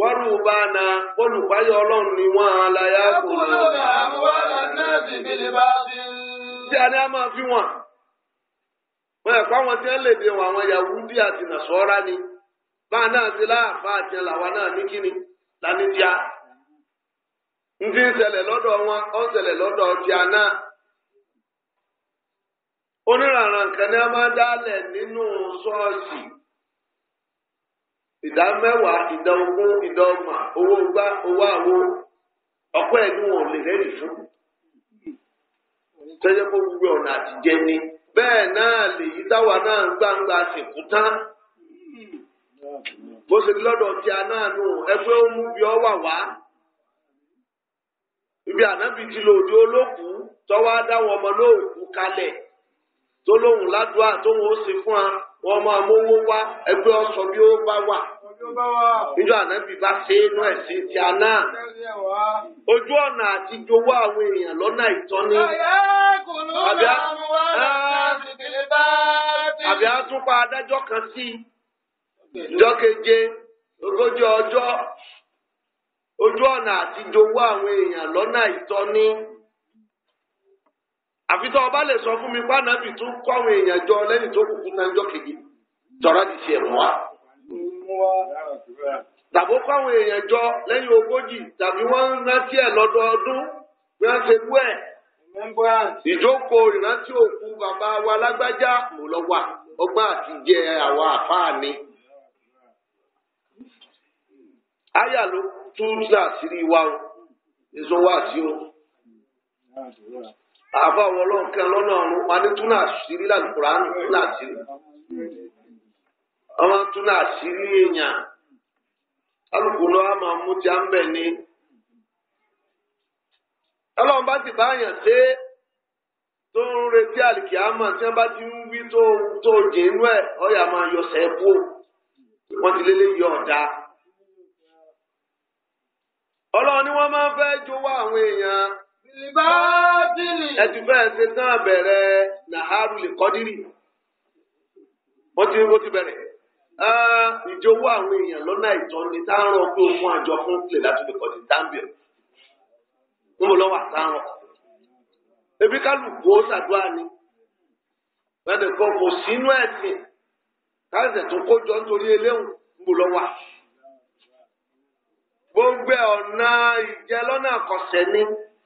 wárùbá na olùpáyọ ọlọ́run ni wọ́n á láyà kò lọ. tí a ní a máa fi wọn wọn ẹ̀kọ́ àwọn tí wọ́n lè dé wọn àwọn Yahudi àti Nasọ́ra ni náà ti láàfáà àti ẹ̀làwà náà ní kíni lání ti ń ṣẹlẹ̀ lọ́dọ̀ wọn ó ń ṣẹlẹ̀ lọ́dọ̀ náà ìdá mẹ́wàá ìdá ogún ìdá ọgbà owó gbá owó àwo ọkọ ẹ̀dùn wọn ò lè rẹ́rìí fún. tẹ́jẹ́ kó gbogbo ọ̀nà àtijẹ́ bẹ́ẹ̀ náà lèyí táwa náà gbangba sìnkú tán. bó ṣe ní lọ́dọ̀ tí a náà nù ibi ànábì ti olókùú tọ́wọ́ kalẹ̀ tó lóhùn wọ́n máa mówó wá ẹgbẹ́ ọ̀sán bí ó bá wà. Níjọ́ ànábì bá ṣe é inú ẹ̀sìn ti àná. Ojú ọ̀nà àti jowó àwọn èèyàn lọ́nà ìtọ́ni. Àbí á ah. tún pa adájọ́ kan sí ìjọ́ keje ogójì ọjọ́. Ojú ọ̀nà àti jowó àwọn èèyàn lọ́nà ìtọ́ni. àfi tó ọba lè sọ fún mi pa nàbì tó kọ́ àwọn èèyàn jọ lẹ́yìn tó kúkú náà jọ kejì tọ́ra ti ṣe mọ́ wa. tàbó kọ́ àwọn èèyàn jọ lẹ́yìn ogójì tàbí wọ́n ń rántí ẹ̀ lọ́dọọdún bí wọ́n ṣe kú ẹ̀. ìjókòó ìrántí òkú bàbá wa lágbájá mò lọ wà ọgbọ́n àti jẹ àwọn àfáà ni. àyà ló tú láàṣírí wa o èso wá sí o. àfa àwọn ọlọ́nkẹ́ lọ́nà ọ̀run wọn ní túnà àṣírí lálùkùrá túnà àṣírí ọmọ túnà àṣírí èèyàn alùpùpù náà máa mú ti à ń bẹ̀ ni ọlọ́run bá ti báyàn tó ń retí àlìkí àmọ́ tí wọ́n bá ti ń wí tó inú ni wọ́n máa ń fẹ́ àwọn bìlìbáàtìlì. ẹtù bẹ́ẹ̀ ṣe tán bẹ̀rẹ̀ nàhárù lè kọ́dírì wọ́n ti wọ́n ti bẹ̀rẹ̀ ìjọwọ́ àwọn èèyàn lọ́nà ìtọ́ ni táwọn ọkọ̀ òfin àjọ fún tilẹ̀ láti lè kọ́dírì táǹbìrì wọ́n mọ̀ lọ́wọ́ àtàwọn ebi kálukú ó ṣàdúrà ni wọ́n ti kọ́ kò sínú ẹ̀sìn káṣẹ̀ tó kójọ nítorí eléhùn ń bò lọ́wọ́ gbogbo ọ̀nà ìjẹ́ lọ́nà àkọsẹ́ ni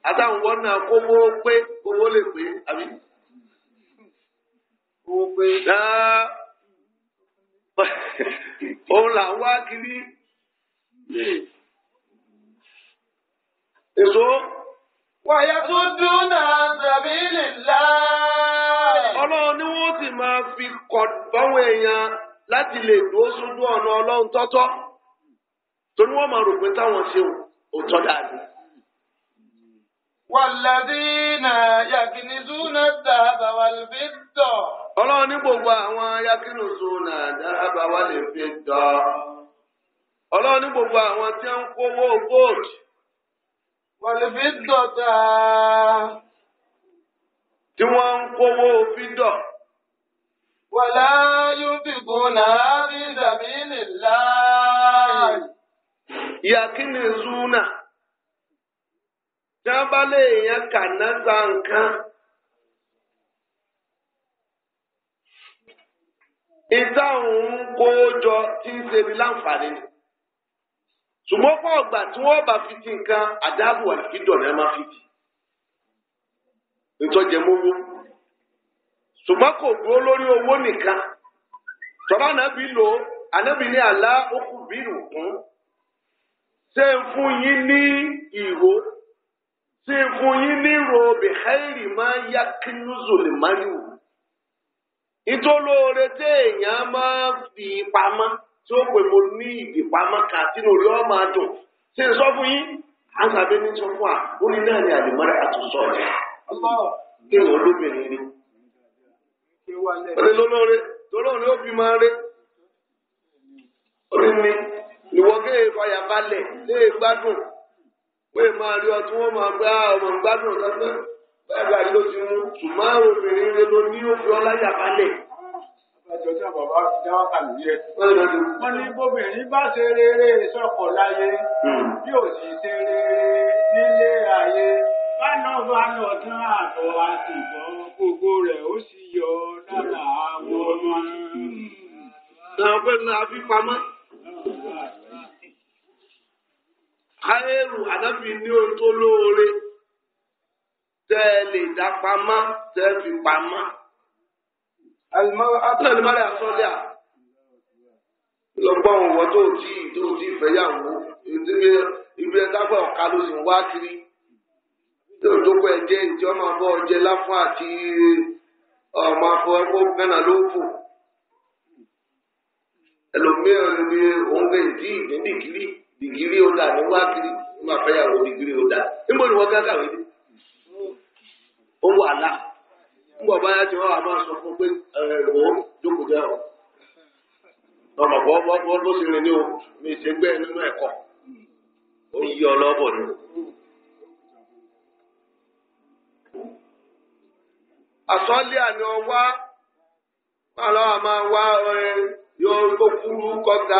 àtàwọn wọn náà kówó pé owó lè pé àbí. owó pé. òun là ń wá kiri. èso. wàyà tó dún náà tàbí lè la. ọlọ́run ni wọ́n sì máa fi kọ̀ báwọn èèyàn láti lè dúró sójú ọ̀nà ọlọ́run tọ́tọ́ torí wọ́n máa rò pé táwọn ṣe òótọ́ dáadáa. والذين يكنزون الذهب والفضة ọlọ́run ní gbogbo àwọn yakínùsùn àdáhàbà wà lè fi dọ̀ ọlọ́run ní gbogbo àwọn tí ń kówó gold. wọ̀lẹ̀ fi dọ̀tà. tí wọ́n ń kówó fídọ̀. wọ̀lá yóò fi gbóná rí dàbí nìlá. yakínùsùn náà tí wọ́n bá lè yan kànáza nǹkan. ìtàwọn ń kó jọ tí ń ṣe ní láǹfààní ni ṣùgbọ́n fún ọgbà tí wọ́n bá fi ti nǹkan àdáàbò àlùkìdọ̀ ni wọ́n máa fi ti nítọ́jẹ mówó ṣùgbọ́n kò dúró lórí owó nìkan tọ́lá ànábì lò ànábì ní àlá okùn bírù fún ṣé ń fún yín ní ìhó tí fún yín nírò bìkẹ́rì máa yá kínú zòlìmáyò ìtòlóore tí èèyàn máa fi pamọ́ tí ó pè mo ní ìdìpamọ́ kà sínú orí ọmọ àdùn tí n sọ fún yín àgbàdo ní sọ fún wa ó ní náà ní àlùmọ́rẹ́ àtúnṣọ rẹ̀ kí wọ́n lóbìnrin ni. olólóore tolóore ó fi máa rẹ orí mi ìwọ kéèyàn e fàyà balẹ̀ lè e gbádùn wọ́n máa rí ọtún wọ́n máa gbá ọmọ gbádùn kankan báyìí báyìí ló ti mú ṣùgbọ́n obìnrin rẹ ló ní òfin ọláyà balẹ̀. Àjọ tí àbàbá ti dá wákàtí yẹ. Wọ́n ní bóbìnrin bá ṣe rere sọ̀kọ̀ láyé, hmm. bí ò sì ṣe rere nílé ayé. Báná bá lọ tán àtọ̀ àti ìbọn gbogbo rẹ̀ ó sì yọ lára hmm. àwọn ọmọ. Àwọn pẹ̀lú àfipamọ́. káyérù ànábì ní o tó lóore tẹ ẹ lè dá pamọ́ tẹ ẹ fi pamọ́. àtúntò ní mọ́lẹ̀ àsọ́lẹ̀ à lọ́gbọ́n òun wọ́n tó tí tó tí fẹ́yàwó ibi ẹ̀ dágbà ọ̀ka ló sì ń wá kiri tó tó pẹ́ jẹ́ ìjọ máa bọ́ ọjẹ́ láfún àti ọmọ afọ ẹ̀kọ́ gánà ló fò ẹlòmíràn ni òun gbé ìdí ìdí nìkírí. dìgírí ó dà ní wá kiri ó máa fẹ́ yàwó dìgírí ó dà níbo ni wọ́n ká kàwé dé ó wà lá ńgbọ̀ báyà tí wọ́n wà máa sọ fún pé ẹ̀rọ jókòó jẹ́ ọmọ bọ́ bọ́ bọ́ ló ṣe rìn ní o mi ṣe gbẹ́ ọ ni. àsọ́lé máa lọ́wọ́ máa wá yọ kọ́ga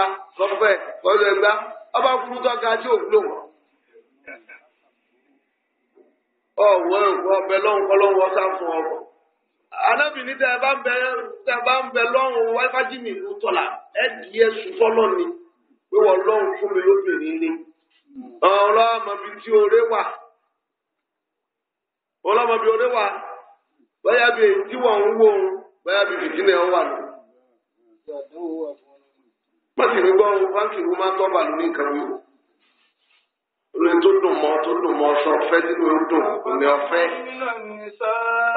ọba kúrú tó ga tí ò wúlò wọn. ọ̀wọ́n nǹkan ọbẹ̀ lọ́hùn kọ́ lọ́hùn ọ̀sá fún ọ̀rọ̀. anábìíní tẹ ẹ bá ń bẹ tẹ ẹ bá ń bẹ lọ́hùn wáfájì mi ìlú tọ̀la ẹ di ẹ sùn fọ́lọ́ ni pé wọ́n lọ́hùn fún mi lóbìnrin ni. ọ̀rọ̀ ọmọbi tí oore wà ọlọ́mọbi oore wà bóyá bíi èyí tí wọ́n ń wò ó bóyá bíi bìtínà ẹ̀ wà lọ wọ́n sì ní gbọ́ báńkì ìlú máa ń tọ́ba lórí nǹkan wí o olóyè tó dùn mọ́ tó dùn mọ́ sọ ọ̀fẹ́ tí ó dùn òní ọ̀fẹ́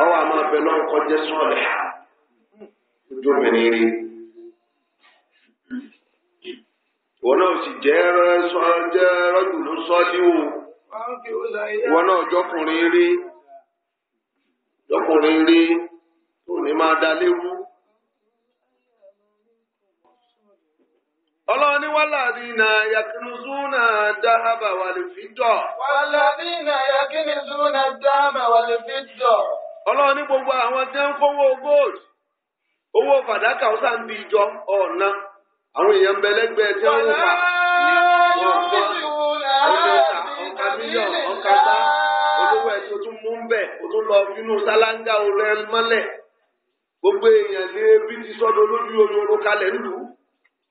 ọwọ́ àmọ́ ọ̀fẹ́ náà kọ́ jẹ́ sọ́ọ̀lẹ̀ ojú mi ní rí ìwọ náà sì jẹ́ rọ́jù ló sọ́ ní o ìwọ náà jọkùnrin rí jọkùnrin rí tó máa dalé wú. Ọlọọni ní wàlàdínà yakinuzuna dáhàbà wàlífídọ̀. wàlàdínà yakinuzuna dáhàbà wàlífídọ̀. ọlọ́run ní gbogbo àwọn tí wọ́n kówó gold owó fàdákà ó sàn bí ìjọ ọ̀nà àwọn èèyàn ń bẹ lẹ́gbẹ̀ẹ́ tí wọ́n ń wà. ọ̀ka ní ebi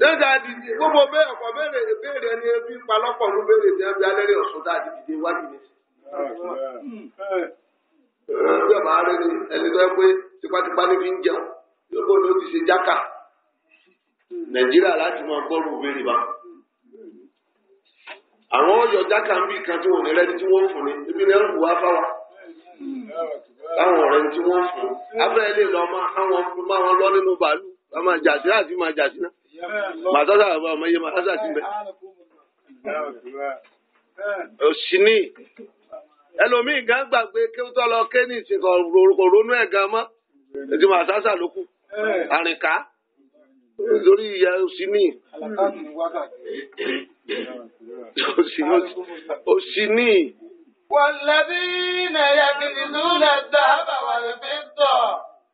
dẹ́gbẹ́ àdìdì gbogbo bẹ́ẹ̀ ọ̀pọ̀ béèrè béèrè ẹni ebi palọ́pọ̀ ló béèrè dẹ́gbẹ́ alẹ́rẹ́ ọ̀sùn dá àdìdì wájú mi. Bí ọ̀bà rẹ̀ ni ẹni tó yẹ pé tipátipá níbi ń jẹun yóò bó ló ti ṣe jákà. Nàìjíríà láti máa gbọ́rù béèrè bá. Àwọn ọ̀yọ́ jákà ń bí kan tí wọ́n ní rẹ́ni tí wọ́n fún ni, ibi ni ẹ̀rù wá fáwa
láwọn ọ̀rẹ́ tí wọ́n fún un abẹ́rẹ́
lè lọ máa káwọn máa wọn lọ nínú bàálù wọ́n máa jà sí láti máa jà sí náà. màtàtà àbá ọmọ yé màtàtà ti bẹ òsì ẹlòmíì gan gbàgbé kí ó tọ́ lọ ké ní ìsìnkọ ronú ẹ̀ gan mọ́ ètò màtàtà ló kù àrìnká lórí ìyá òsì ní والذين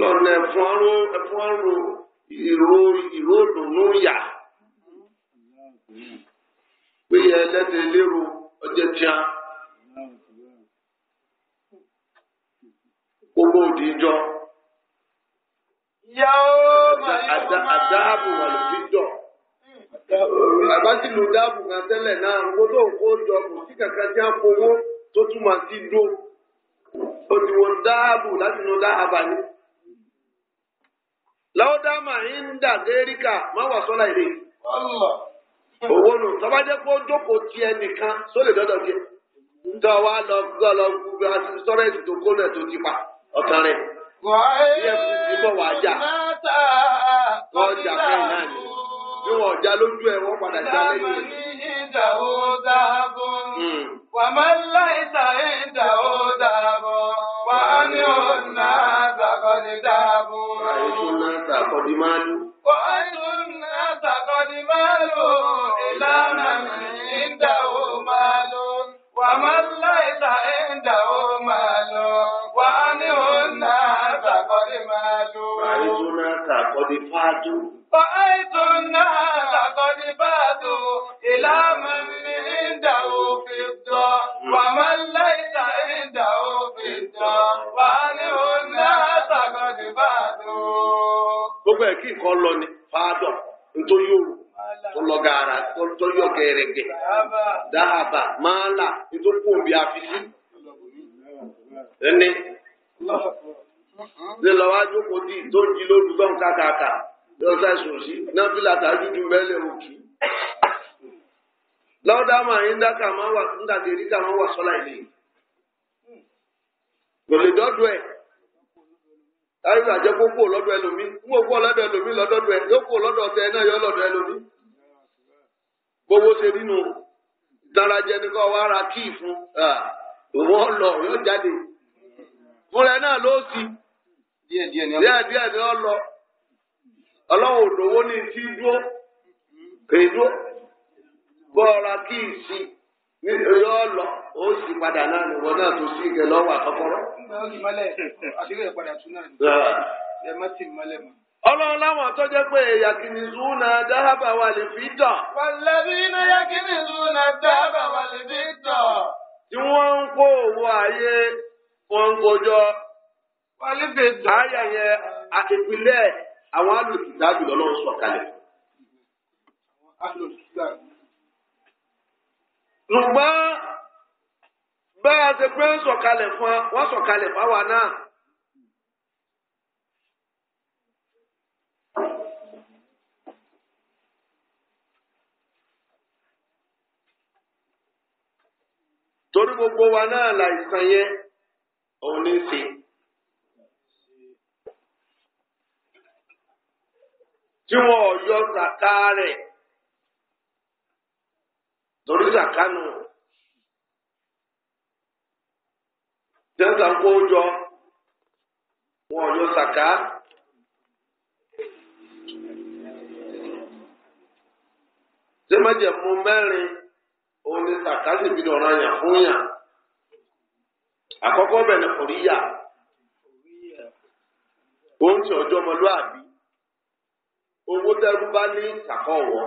lọ́nà ẹ̀fọn ọ̀run ẹ̀fọn ọ̀run ìró ìró ìdùnnú yà pé ẹlẹ́dẹ̀ lérò ọjọ́ tíá gbogbo òdì ìjọ. Àdáàbò wà lórí jọ. Àbátìlú dáàbò kan tẹ́lẹ̀ náà owó tó ń kó jọ kò sí kankan tí a fowó tó túmọ̀ sí dó. Òdìwọ̀n dáàbò láti nu dáàbà ni. lọ́dà máa ń dà lẹ́ríkà má wà sọ́la ìlé. owó nù tọ́ba jẹ́ kó jókòó sólè dọ́dọ̀ wa lọ gbọ́ lọ tó kó lẹ̀ tó ti pa rẹ̀. efcc bọ̀ wá jà wọ́n jà náà ni lójú ẹ̀ wọ́n padà lẹ́yìn rẹ̀. Hmm. dàbọ̀
wàá ní òun
وأنتم الناس قد مالوا وأنتم الناس قد مالوا إلى من عنده مال ومن ليس عنده مال وأنتم الناس قد مالوا وأنتم الناس قد فاتوا náà kí nǹkan lọ ni fáádọ̀ nítorí òru tó lọ gàrà tó yọ gẹ̀rẹ̀gẹ̀ dáhàbà máàlà nítorí kò bí afisi ẹni ní lọ́wọ́ ajókòó di tó ń jí lóru tó ń kàkàkà lọ́sẹ̀ sùn sí náà fi làtàjú ju mẹ́lẹ̀ òkú lọ́dàmà yín dákà máa wà nígbàdérí kà máa wà sọ́lá ìlú. Gòlè dọ́dọ̀ ẹ̀. láyé ìrìnàjò kó kúrò lọ́dọ̀ ẹlòmí mú òkú ọlọ́dọ̀ ẹlòmí lọ́dọ̀ ẹ yóò kúrò lọ́dọ̀ ọtẹ náà yọ lọ́dọ̀ ẹlòmí. gbogbo ṣe nínú ìtarajẹ ni kò wá ra ọlọ yóò jáde fúnra náà ló ti díẹ̀ díẹ̀ ni ó lọ ọlọ́wọ́ òdòwó ní ti dúró yóò lọ ó sì padà náà nìwọ náà tó sí ìgẹ lọ́wọ́ àkọ́kọ́rọ́. Ọlọ́run láwọn tó jẹ́ pé yàkìnì zúnà dáhàbà wà lè fi dàn. Pàlẹ́bí iná yàkìnì zúnà dáhàbà wà lè fi dàn. Tí wọ́n ń kó ayé wọn ń kojọ. fi dàn. ìpínlẹ̀ ṣùgbọ́n bá a ṣe pé sọ̀kalẹ̀ fún wọn sọ̀kalẹ̀ fáwa náà. torí gbogbo wa náà láìsàn yẹn òun ní í tí wọn ò yọ sàkà torí sàkánù jẹ́nsà ń kó jọ wọn ò yọ sàká. ṣé májèmú mẹ́rin òun ni sàká sì fi dọ̀rọ̀ yàn fún yàn àkọ́kọ́ bẹ̀rẹ̀ kò rí yà òun ọmọlúwàbí owó tẹ́rú bá ní sàkọ́ wọ̀.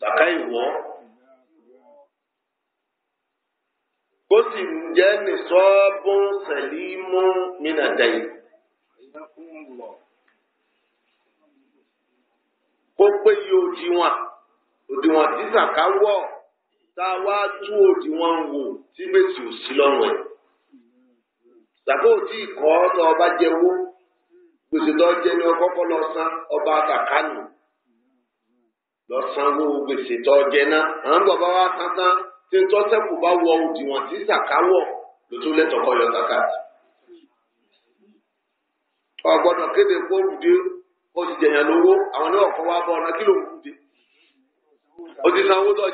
sàká ìwọ́ ó sì ń jẹ́ nìṣọ́bùn sẹ̀límù mínàdáyì. kó pé iye òdiwọ̀n òdiwọ̀n tí sàká wọ̀ tá a wá tú òdiwọ̀n wò tí méjì ò sí lọ́rùn ẹ̀. sàká ò tí ì kọ́ ọ́ lọ́ọ́ bá jẹ́wó gbèsè lọ́ọ́ jẹ́ ní ọkọ́kọ́ lọ san ọba àtàkánù. lọ án wo gbèsè tó jẹ náà àwọn wa kan tán tí tọ́sẹ̀kù bá wọ òdiwọ̀n tí sàkáwọ̀ ló tún lẹ́tọ̀ọ́ kọ́ yọ sàkáàtì. ọ̀gbọ́dọ̀ kéde kó rùdé ó àwọn ní ọ̀kọ́ wa bọ̀ ọ̀nà kí ló ń rùdé. ti san owó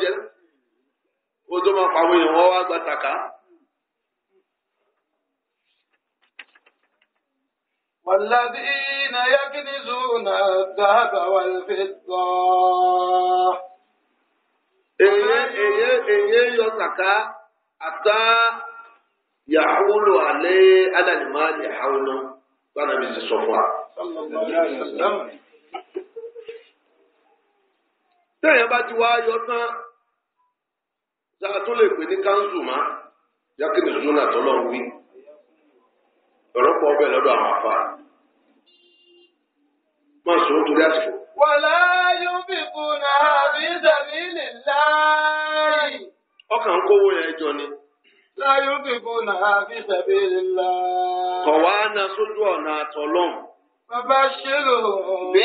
والذين يكنزون الذهب والفضة èyí èyí èyí yọ sàká àtà yàhùlù àlẹ alàlìmá yàhùlù bára mi ti sọ fún wa. téèyàn bá ti wá yọ tán ṣáà tó lè pè ní kánṣu mọ́ yàkínní zuna tó lọ wí. ọ̀rọ̀ pọ̀ bẹ́ẹ̀ lọ́dọ̀ àwọn afa máa sọ ó torí àsìkò. wàlá yóò fi Ọ àbí nkọwo lè ni. láyò fi kùnà àbí sàbí lè na sójú ọ̀nà àtọ̀lọ́hùn. bàbá ṣe lò bí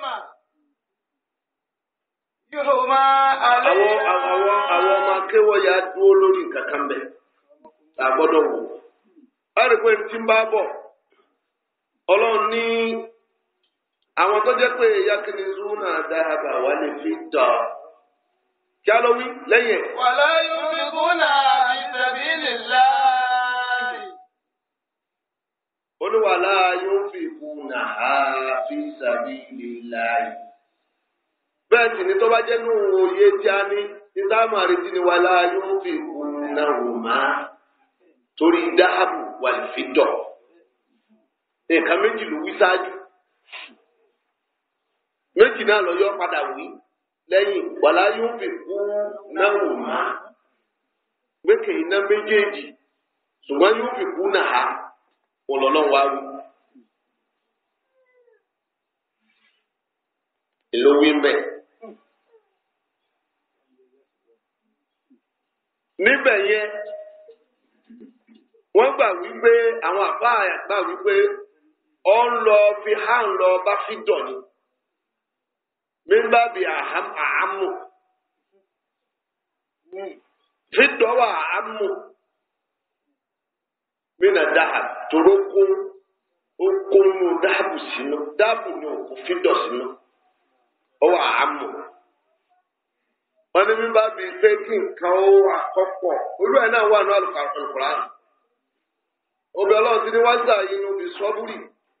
àwọn àwọn ọmọ ya dúró lórí nǹkan mbẹ agbọdọ àgbọ́dọ̀ wò báyìí pé tí ń bá bọ Ọlọ́run ní àwọn tó jẹ́ pé yakini zuna dáhàbà wà lè fi tọ kí wí lẹ́yìn. wàlá yóò náà. ní wàhálà yóò fi kú nàá fi sabilillahi. bẹ́ẹ̀ sì ni tó bá jẹ́ nù òye tí a ní ní táwọn àrètí ni wàhálà yóò fi kú náà wò má torí dáàbò wà lè fi dọ̀. nǹkan méjì ló wí sáájú méjì náà lọ yọ padà wí lẹ́yìn wàhálà yóò fi kú náà wò má gbẹ́kẹ̀ iná méjèèjì ṣùgbọ́n yóò fi kú nàá ọlọ́lọ́run wá wí. èló wí ń bẹ̀. níbẹ̀ yẹn wọ́n gbà wípé àwọn àbá àgbà wípé ọ ń lọ fi há ń lọ bá fi dọ̀ ni mímbà àhámù fi dọ̀ wà àhámù. bínú dáhàbù toró kó kun kó nínú dáhàbù sínú dáhàbù ni òkú fídọ̀ sínú o wa ámù wọn ní bí bá bi pé kí nǹkan o wà kọ́pọ̀ olú ẹ̀ náà wà ní alùpàkùnrin obìnrin ọlọ́run ti ní wọ́n sà inú bí sọ́búrì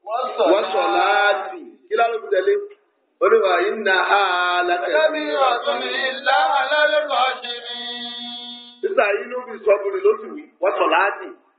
wọ́n sọ̀ láàdì kí fi tẹ̀lé olùwà yìí nà á lákẹ́. ẹ̀mí ọ̀tún ni ìlà kọ́ ṣe sísà ló wí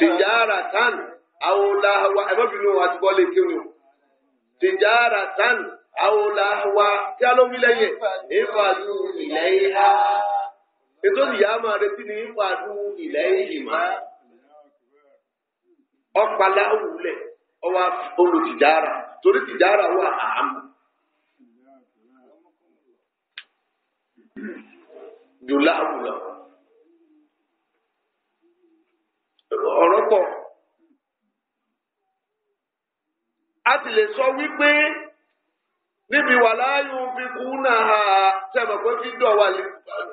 tìjára tán àwòláwa ẹ bọ́bí lóhùn àti bọ́ọ̀lù èké wọn tìjára tán àwòláwa kí á ló wí lẹ́yìn ìfàdù ilẹ̀ ìhà ètò ìyá máa retí ní ìfàdù ilẹ̀ ìhìmá ọ̀pàlà wulẹ̀ ọwọ́ ọ̀rọ̀ a ti lè sọ wípé níbi wà láàyò fi kú náà sẹ́mi pé fídọ̀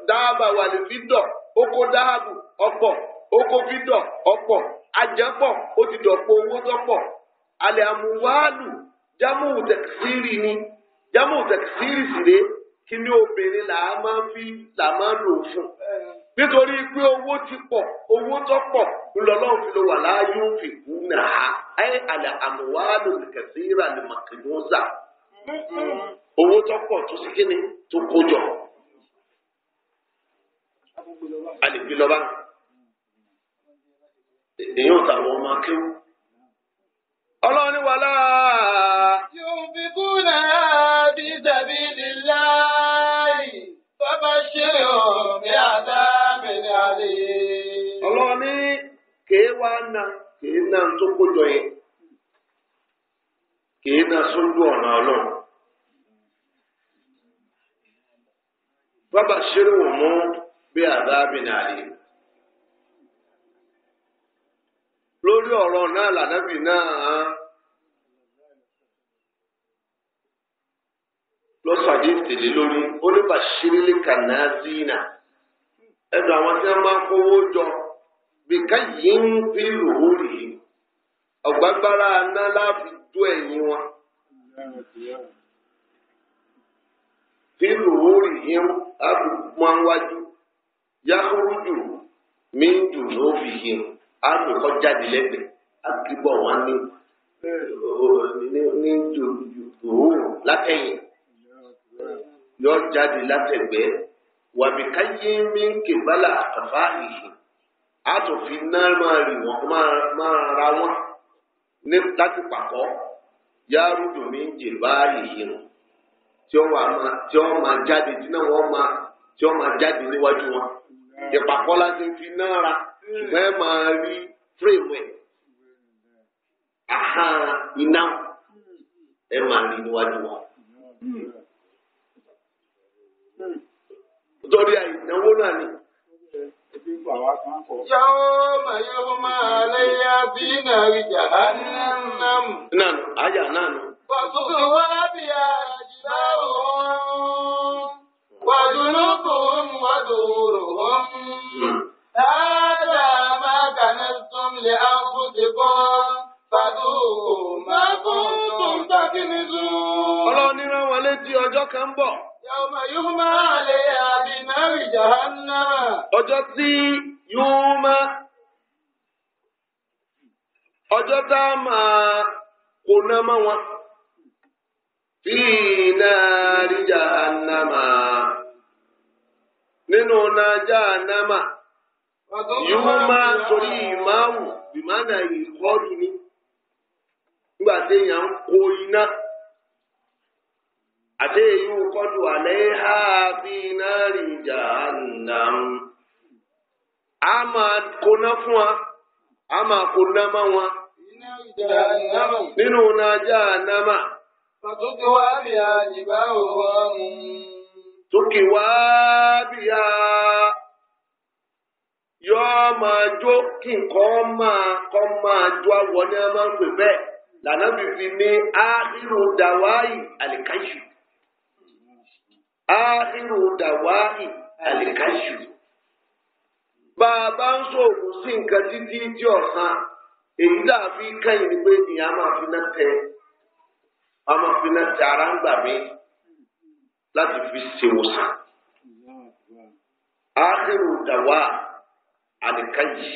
dáàbà wà lè fídọ̀ oko dáàbò ọ̀pọ̀ oko fídọ̀ ọ̀pọ̀ ajẹ́pọ̀ ó ti dọ̀pọ̀ owó tọ́pọ̀ alẹ́ jámù tẹ̀kísírì ni jámù tẹ̀kísírì sì kí ni obìnrin nítorí pé owó ti pọ̀ owó tó pọ̀ ńlọlọ́run fi lọ wà láàyò fìkú náà ayé àlẹ́ àmúwá lòlùkẹ́sí rà lè màkìlóńsà owó tó pọ̀ tó sí kíni tó kó jọ lọ́ba èyí ò tàwọn ọmọ akéwù ọlọ́run ní wàhálà. yóò fi kú náà bí sàbí lílá yìí bàbá ṣe ọ̀ bí àdá. ọlọ́wọ́ ní kèé wá na kèé na tó kójọ yẹn kèé na sójú ọ̀nà ọlọ́run. bábà ṣeré wò mú bí àdáàbì náà rí. lórí ọ̀rọ̀ náà làdábì náà lọ́sàdí tèlé lórí ó ní bàṣírí lè kà náà ẹ̀dùn àwọn tí wọ́n máa ń kówó jọ bìkà yìí ń fi lòórì yìí ọ̀gbágbára aná láàfin tó ẹ̀yìn wọn. fi lòórì yìí láti pọn wájú yáhùrú jù mí ń jù lófi yìí àlùkọ́ jáde lẹ́gbẹ̀ẹ́ àkíbọ̀ wọn ní ní jù lòórì látẹ̀yìn yọ jáde látẹ̀gbẹ́ wàbíkáyé mínkì bálà àkàfà ìhì àtòfin náà máa rì wọ́n máa ra wọ́n láti pàkọ́ yárúdùn ní jìbá ìhì rùn tí wọ́n máa tí wọ́n máa jáde tí náà wọ́n máa tí wọ́n máa jáde níwájú wọn ìpàkọ́ láti fi náà ra ṣùgbọ́n ẹ máa rí fírémù àhán iná ẹ máa rí níwájú wọn. dọ́rí àìnáwó náà ni. Yàwọ́mà yóò máa léyà bí nàrí jahannam. Nànú, àyà nànú. Wàtúkú wá bí àjìbá òun. Wàdúró kò ń wàdúró wọn. Láàdá máa kàná tún lè áfúdé bọ́. Fàdúró máa kún tún dákínizú. Ọlọ́run ní rán wọn létí ọjọ́ kan bọ̀. ọjọ́ tí yóò má ọjọ́ tá a máa kó ná wọn. Fi náà rí jahannama nínú yóò torí ìmáwù ìmánà ìkọlù ni nígbà téèyàn ń iná. a يوقد عليها في نار a أما كنفوا أما كنما nínú nàjà nàmà. Fàtókè wá bí a jìbá òwò mú. Tókè wá bí a yọ máa jó kí nǹkan máa kọ́ máa jó àwọ̀ ní a máa ń pè bẹ́ẹ̀. Lànà bìbí ní áhírù dàwáì àlìkáyì. áhírù dàwáì àlìkáṣù bá a bá ń sọ̀rọ̀ sí nǹkan ọsa èyí dàbí kẹ́yìn pé ni a máa fi náà tẹ a máa fi náà tẹ ara ń gbà mí láti fi ṣèwòsàn áhírù dàwáì àlìkáṣù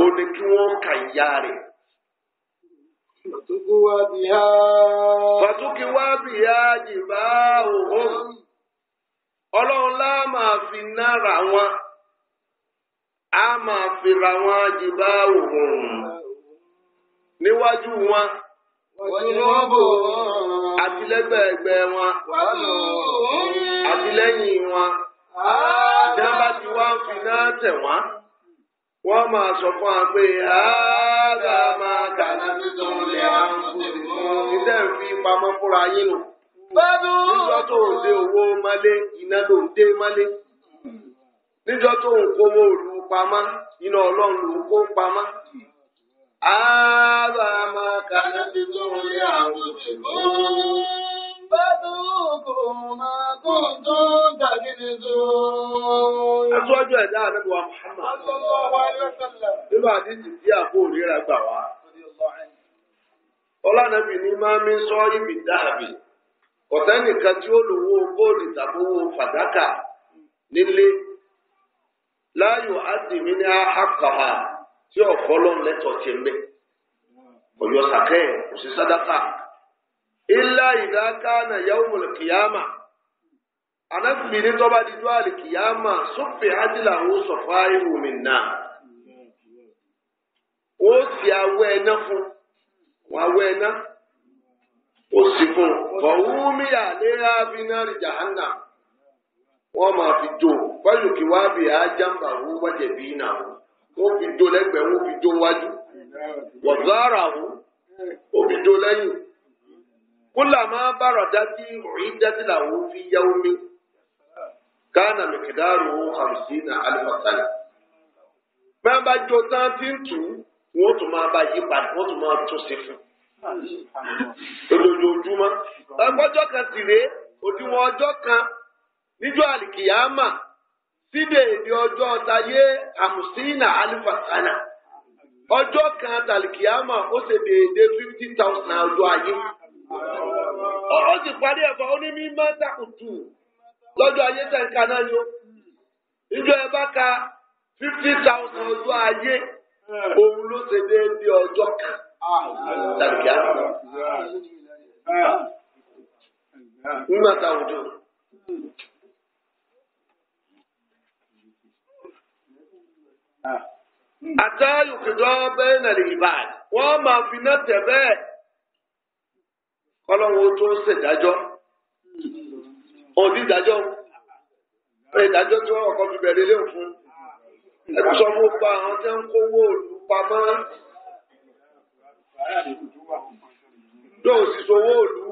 ó ní kí wọ́n kà rẹ̀. fàtúkì wá bì á jìbá òhún ọlọ́run lá máa fi nára wọn á máa fi ra wọn jìbá òhún níwájú wọn àtìlẹ́gbẹ̀ẹ́gbẹ́ wọn àtìlẹ́yìn wọn ah. tí wọ́n bá ti wá ń Iṣẹ́ ìfi pamọ́ fúnra yín nù. Níjọ́ tó ń dé owó mọ́lé, iná ló ń dé mọ́lé. Níjọ́ tó ń kówó òru pamọ́, iná ọlọ́run ló ń kó pamọ́. Ààbà máa kà ní ti tó ń lé àwọn òṣèlú. Aṣọ́jọ́ ẹ̀dá àdẹ́bùwà Muhammad. Nínú àdíjì tí àpò òrìra gbà wá. Ọlánàbì ní máa mi sọ ìbì dáàbì. Ọ̀tẹ́nìkan tí ó lòwó góòlì tàbówó fàdákà nílé. Láyò ádìmí ní àhàkàhà tí ọ̀fọ́ lọ́nà lẹ́tọ̀ọ́ ti mẹ́. Ọ̀yọ́ sàkẹ́ kò sí ilá ìdákàna yawmul kìyàmà anábìbí ní tọ́ba dídú àlìkìyàmà sófin ájìlá ó sọ̀fà ìhùmí náà ó sì awẹ́ ẹná fún wọn awẹ́ ẹná ó sì fún bọ̀wúmíyà léra bínárì jahanna wọ́n máa fi jó pẹ̀lú kí wá bí ajámbà wú wájẹ̀ bí náà wọ́n fi jó lẹ́gbẹ̀ẹ́ wọ́n fi jó wájú wọ́n zára wú ó fi jó lẹ́yìn. كلما بردت أعدت له في يوم كان مقداره خمسين ألف سنة ما بجو تانتين تو wọ́n tún máa bá yí padà wọ́n tún máa tún sí fún lójoojúmọ́ ọgbọ́jọ́ kan sì rèé òdiwọ̀n ọjọ́ kan níjọ́ àlìkìyàmà síbẹ̀ èdè ọjọ́ ọ̀tayé àmùsínà alifasana ọjọ́ kan tàlìkìyàmà ó ṣe déédéé fifty thousand ọjọ́ ayé ó sì parí ẹ̀fọ́ ó ní mí má dàkùtù lọ́jọ́ ayé tẹ̀ ká náà ni ó ìjọ ẹ bá ka fifty thousand ọjọ́ ayé òun ló ṣe déédéé ọjọ́ kan tàbí àná. Nígbà tá a wùdú. Àtá yòókè dọ́ bẹ́ẹ̀ nà lè yìí báyìí. Wọ́n máa fi náà tẹ̀ bẹ́ẹ̀ kọ́lọ́wọ́ tó ń ṣèdájọ́ onídàájọ́ ìdájọ́ tó ọkọ̀ fi bẹ̀rẹ̀ lé òfin ẹ̀kú sọ fún pa àwọn tí ń kówó òlù pamọ́ lóò sì sowó òlù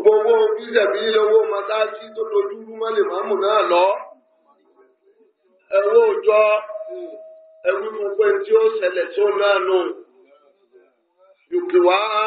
gbogbo owó bíjẹ̀bí lówó mọ́tàkì tó lójú rúmọ́lẹ̀ mọ́mù náà lọ ẹ̀wọ́ òjọ́ ẹ̀wú fún pé tí ó ṣẹlẹ̀ tó náà nù yùkìwá á.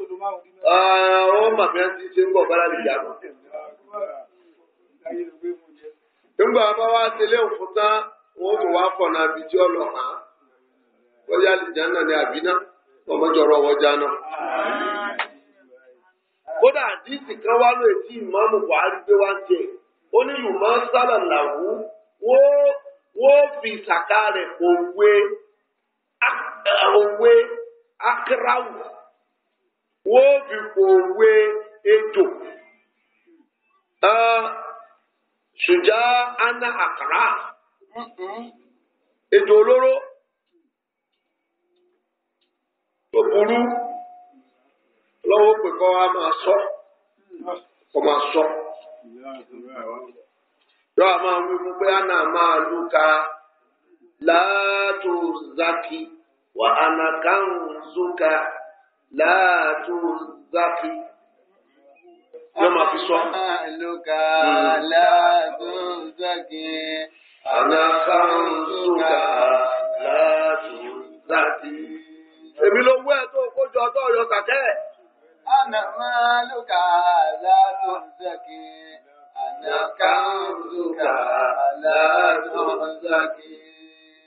Ah, ó màmí á ti ṣe ń bọ̀ bára lè yá lọ. nígbà bá wá tẹlé òfin tán wọn kò wá pọ̀ náà bíi tí ọlọ́pàá bóyá àlìjá náà ni àbí náà
ọmọ jọrọ wọjá
náà. kódà àdìsí kan wá lóye tí ìmáàmù buhari gbé wá ń tẹ̀ ó ní ìmọ̀ sábà làwù wọ́n fi ìsàkà rẹ̀ òwe òwe akíráwù wọ́n fi òwe ètò ṣùjá ana àkàrà ètò olóró tó burú lọ́wọ́ pé a máa sọ kọ́ máa sọ yọ a máa wí fún pé ana máa lùkà látò zaki wà ànàkàn zùkà láàtú zákì yóò máa fi sọ. àlùkà hmm. láàtú zákì àlàkàǹsùkà láàtú zákì. èmi ló wẹ́ tó kójú ọjọ́ ọ̀yọ́ kàkẹ́. àná màlúkà láàtú zákì. Àlàkàǹsùkà láàtú zákì.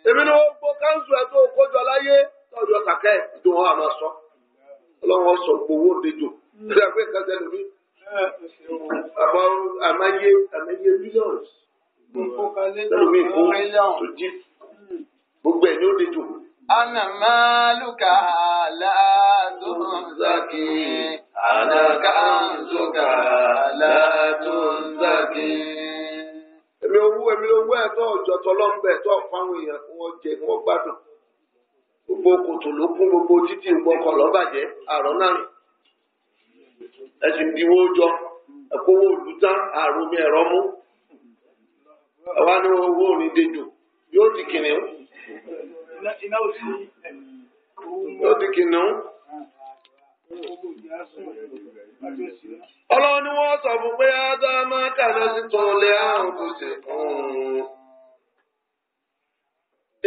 èmi ló gbọ́ káńsù ẹ̀ tó kójú ọláyé tọ́jú ọ̀kàkẹ́ ìdùnnú àmọ́ sọ ọlọ́run sọ gbowó dejò hmm. ṣé àgbẹ̀ nǹkan sẹ́nu mi. àmọ́ àmáyé àmáyé millions. sẹ́nu mi tó jí gbogbo ẹ̀ ní ó Ana maluka la ana kanzuka la tunzaki. owó èmi owó ẹ̀ tó ọ̀jọ̀ tọ́lọ́ ń tó ọ̀pọ̀ àwọn èèyàn kí wọ́n jẹ wọ́n gbádùn gbogbo kòtò ló kún gbogbo títì gbọkọ lọ́bàjẹ́ àrọ́ náà ẹ̀sìn ìdíwọ́ jọ ẹ̀kọ́wọ́ òdútá àrùnmi ẹ̀rọ mú àwa ni owó òní dejò yóò di kìnìún
yóò di kìnìún.
ọlọ́run ni wọ́n sọ fún pé ádámá kàdá sí tán lé àrùn tó ṣe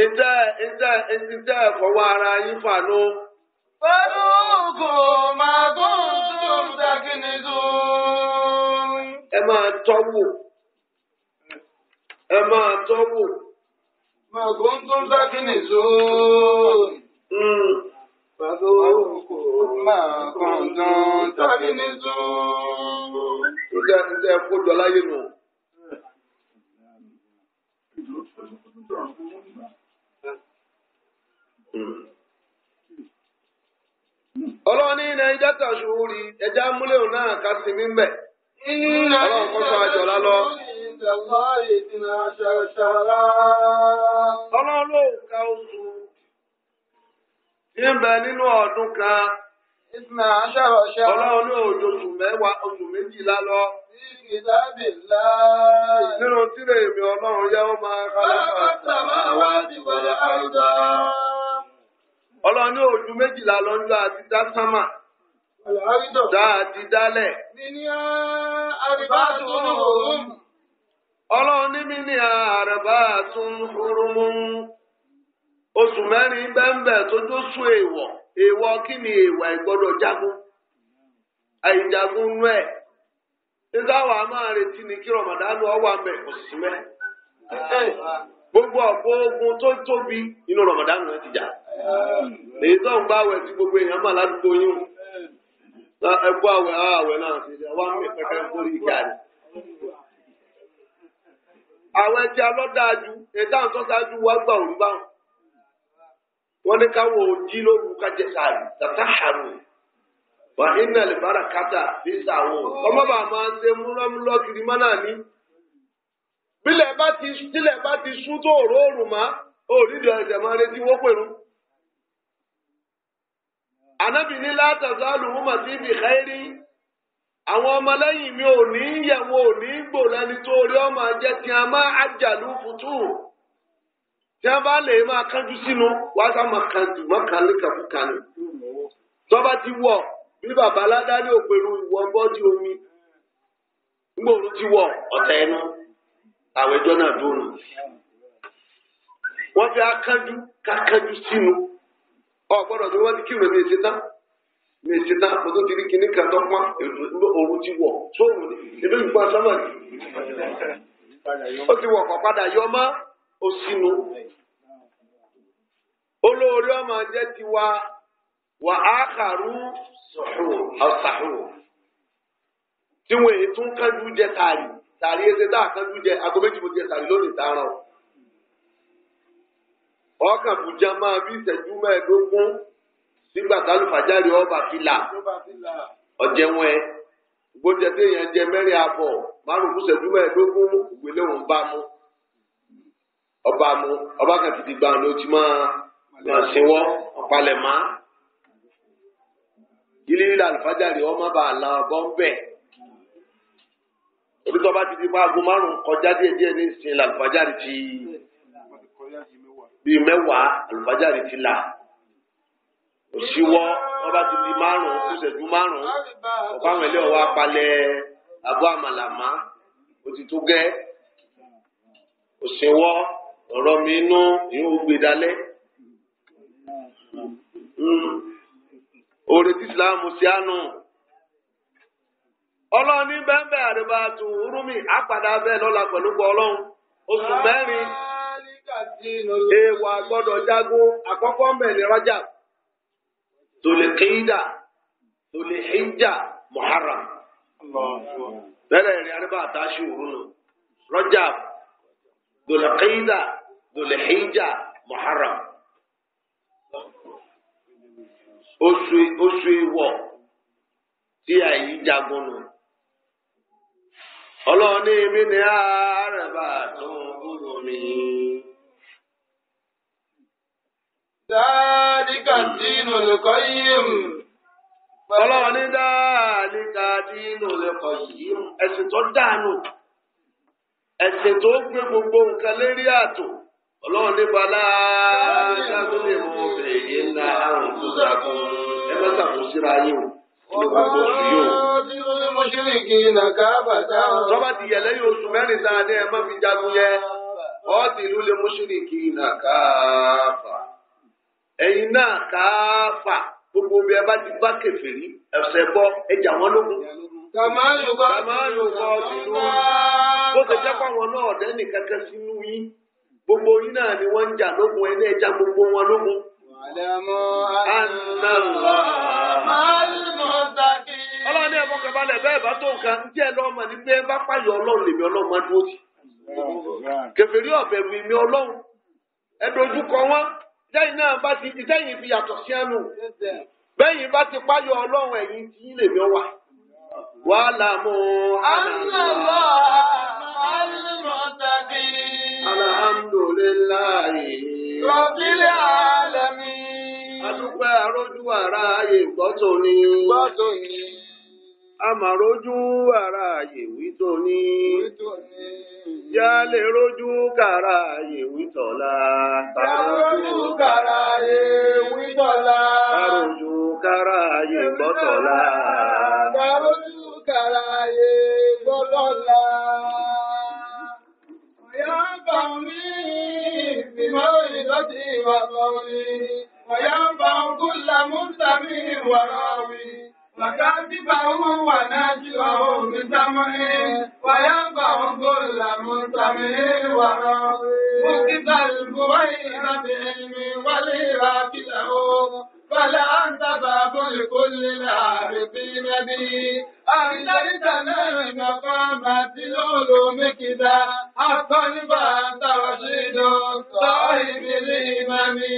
ìtẹ́ ìtẹ́ ìtẹ́ ẹ̀fọ́wọ́ ara yín fànú. Fẹ́lúkù máa tó ń tún dákínì tún. Ẹ máa tọ́wò. Ẹ máa tọ́wò. Máa tó ń tún dákínì tún. Fẹ́lúkù hmm. máa tó ń tún dákínì tún. Ìjà ìjà ẹ̀kọ́ jọ láyé nù. Thank you. ọlọ́ọ̀ni ní ẹja tàṣù ẹja múlẹ̀ òun náà ká sí mímbẹ̀ ọlọ́run kọ́ṣọ́ àjọlá lọ. ka tí nínú ọdún kan ọlọ́run ní mẹ́wàá oṣù méjìlá lọ. nínú ọlọ́run máa ọlọ́run oju ojú méjìlá lọ́jọ́ àti dá sámà dálẹ̀. ọlọ́run mi ní àràbà tún hurumu oṣù mẹ́rin bẹ́ńbẹ́ tó sùn èèwọ̀ èèwọ̀ kí ni èèwọ̀ ìgbọ́dọ̀ jagun àìjagun nú ẹ̀ nígbà máa ni kí ọwọ́ kò sí gbogbo ọ̀pọ̀ ogun tó tóbi ti èyí tó ń bá àwẹ̀ gbogbo èèyàn mà ládùúgbò yín ẹkú àwẹ̀ àwẹ̀ náà ti wá mí pẹ̀kẹ́ nítorí ìjà ka àwọn ẹja lọ́dáàjú ẹ̀dá àtọ́sájú wá gbà òun báwọn wọ́n ní káwọn òjì lóru kájẹ sàrù tàtà ọmọ ṣe múlọ́múlọ́ kiri má náà ní. bílẹ̀ bá ti sún tó òróòrùn má ọ̀sẹ̀ máa retí wọ́pẹ̀rún. ànábì ní látàzálù húmà sí ibi xẹ́rí àwọn ọmọlẹ́yìn mi ò ní yẹ̀ wọn ò ní gbò lẹ́ni tó orí ọmọ jẹ́ tí a máa àjàlú fùtù tí a bá lè máa kánjú sínú wàá sá máa kánjú máa kàn lékàkúkà tọ́ba ti wọ̀ bí bàbá aládàáni òpèrú ìwọ bọ́dí omi gbòòrò ti wọ̀ ọ̀tẹ̀ ẹnu àwọn ẹjọ́ náà dùn ún wọ́n fi akánjú kákánjú sínú ọ gbọ́dọ̀ ni wọ́n ti kírun mi ṣe tán mi ṣe tán mo tó ti rí kinní kan tó pọ́n òru ti wọ̀ sóòrùn ni èmi ìgbà sọ́mọ̀ ni ó ti wọ̀ kọ̀ padà yọ mọ́ ó sínú olórí ọmọ jẹ́ tiwa wà á kàrú ṣàhùn tí wọ́n èyí tún kájú jẹ tààrí tààrí ẹsẹ̀ tá a kájú jẹ aago méjì mo jẹ tààrí lónìí tá o ọkàn bùjá máa bí ìṣẹ́jú mẹ́ẹ̀ẹ́dógún nígbà tá lùfàjáre ọba fìlà ọ̀jẹ̀wọ̀n ẹ̀ gbọ́njẹ tí èèyàn jẹ mẹ́rin àbọ̀ márùn-ún ìṣẹ́jú mẹ́ẹ̀ẹ́dógún ìgbélé òun bá mu ọba mu ọba kan ti di gbà ló ti máa máa sinwọ́ palẹ̀ mọ́ ilé ilé àlùfájàre ọmọ bá a la ọgbọ́n bẹ́ẹ̀ orí tó bá ti di fún aago márùn-ún kọjá díẹ̀ ní ìsìn àlùfájàre ti bíi mẹ́wàá àlùfájàre ti là òṣìwọ́ wọ́n bá ti di márùn-ún ṣùṣẹ́jú márùn-ún ọ̀pá àwọn ilé ọ̀wá palẹ̀ abọ́ àmàlàmá ó ti tó gẹ́ òṣìwọ́ ọ̀rọ̀ mi inú ìhó gbé dalẹ̀ hmm. oore tí ìsìláàmù sí àánú ọlọ́ọ̀ni bẹ́ẹ̀ bẹ́ẹ̀ àdébàtú rúmi àpàdà bẹ́ẹ̀ lọ́la pẹ̀lú pọ̀ ọlọ́run oṣù mẹ́rin. E, àgbọ́dọ̀ jágún àkọ́kọ́ mbẹ̀ ní Rajab. Tòlèkéyídà Tòlèhéjà Muharram. Bẹ́ẹ̀ ni Aríbá àtàṣù òrùnà. Rajab Tòlèkéyídà Tòlèhéjà Muharram. Oṣù oṣù ìwọ̀ tí àyí jagun nù. Ọlọ́ọ̀ni mi ni àárẹ̀ bá tó gbúdọ̀ mi. ذلك الدين القيم ọlọ́run ní dáàlíkà dínú lẹ́kọ̀ọ́ yìí ẹ̀sìn tó dànù ẹ̀sìn tó gbé gbogbo nǹkan lérí ààtò ọlọ́run ní balá ṣáàtú lè tó mẹ́rin fi jagun yẹ lè mú ṣìrìkì ẹ̀yin náà káfà gbogbo bí ẹ bá ti bá kèfèrí ẹsẹ bọ ẹjà wọn lógun. kàmáyò kọ́ kàmáyò kọ́ sínú. bó ṣe jẹ́ pàwọn náà ọ̀dẹ́ nìkan sínú yín gbogbo yín náà ni wọ́n ń jà lógun náà ẹja gbogbo wọn lógun. ọlọ́run ní ẹ̀fọ́ kẹbalẹ̀ bẹ́ẹ̀ bá tó nǹkan tí ẹ ní pé bá pààyàn ọlọ́run lèmi ọlọ́run máa dúró sí. ọlọ́run sẹ́yìn náà bá ti sẹ́yìn fi yàtọ̀ sí ẹnu bẹ́yìn bá ti páyọ̀ ọlọ́run ẹ̀yìn tí ń lèmi wà. wà á là mú àlàlá àlùmọ̀tàdì. alhamdulilayi. rọ̀bílẹ̀ àlàmí. adúpẹ́ arójú àrà ayé gbọ́tò ni. gbọ́tò ni amàrójú ara ààyè wító ní yá lè rójú kàrà ààyè wítọ̀lá. àrójú kàrà ààyè wítọ̀lá. àrójú kàrà ààyè gbọ́tọ̀lá. àrójú kàrà ààyè gbọ́tọ̀lá. ọ̀yá bá mi ìgbìmọ̀ ìlọ́tì ìwà bọ̀ mi. ọ̀yá bá kúlà mú sàmì ìwà mi. Wàkàtíbà ọmọ wà náà jí ọ̀hún mi sámúrí, wàyábà ọgbọ́ làmú sàmúrí wàrọ̀. Mo kí bàlùbù wáyé láti ẹni wálé ra kílà ó. Bàlá ń sábà bọ́lì kó lè láàrin bí nẹ́bí. Àrídáríta náà ìnàkọ́ máa ti lóòlò mékìdá. Akọ́nibà ń tàwọ̀ sí ìdán, sọ ìbílẹ̀ ìmọ̀ mi.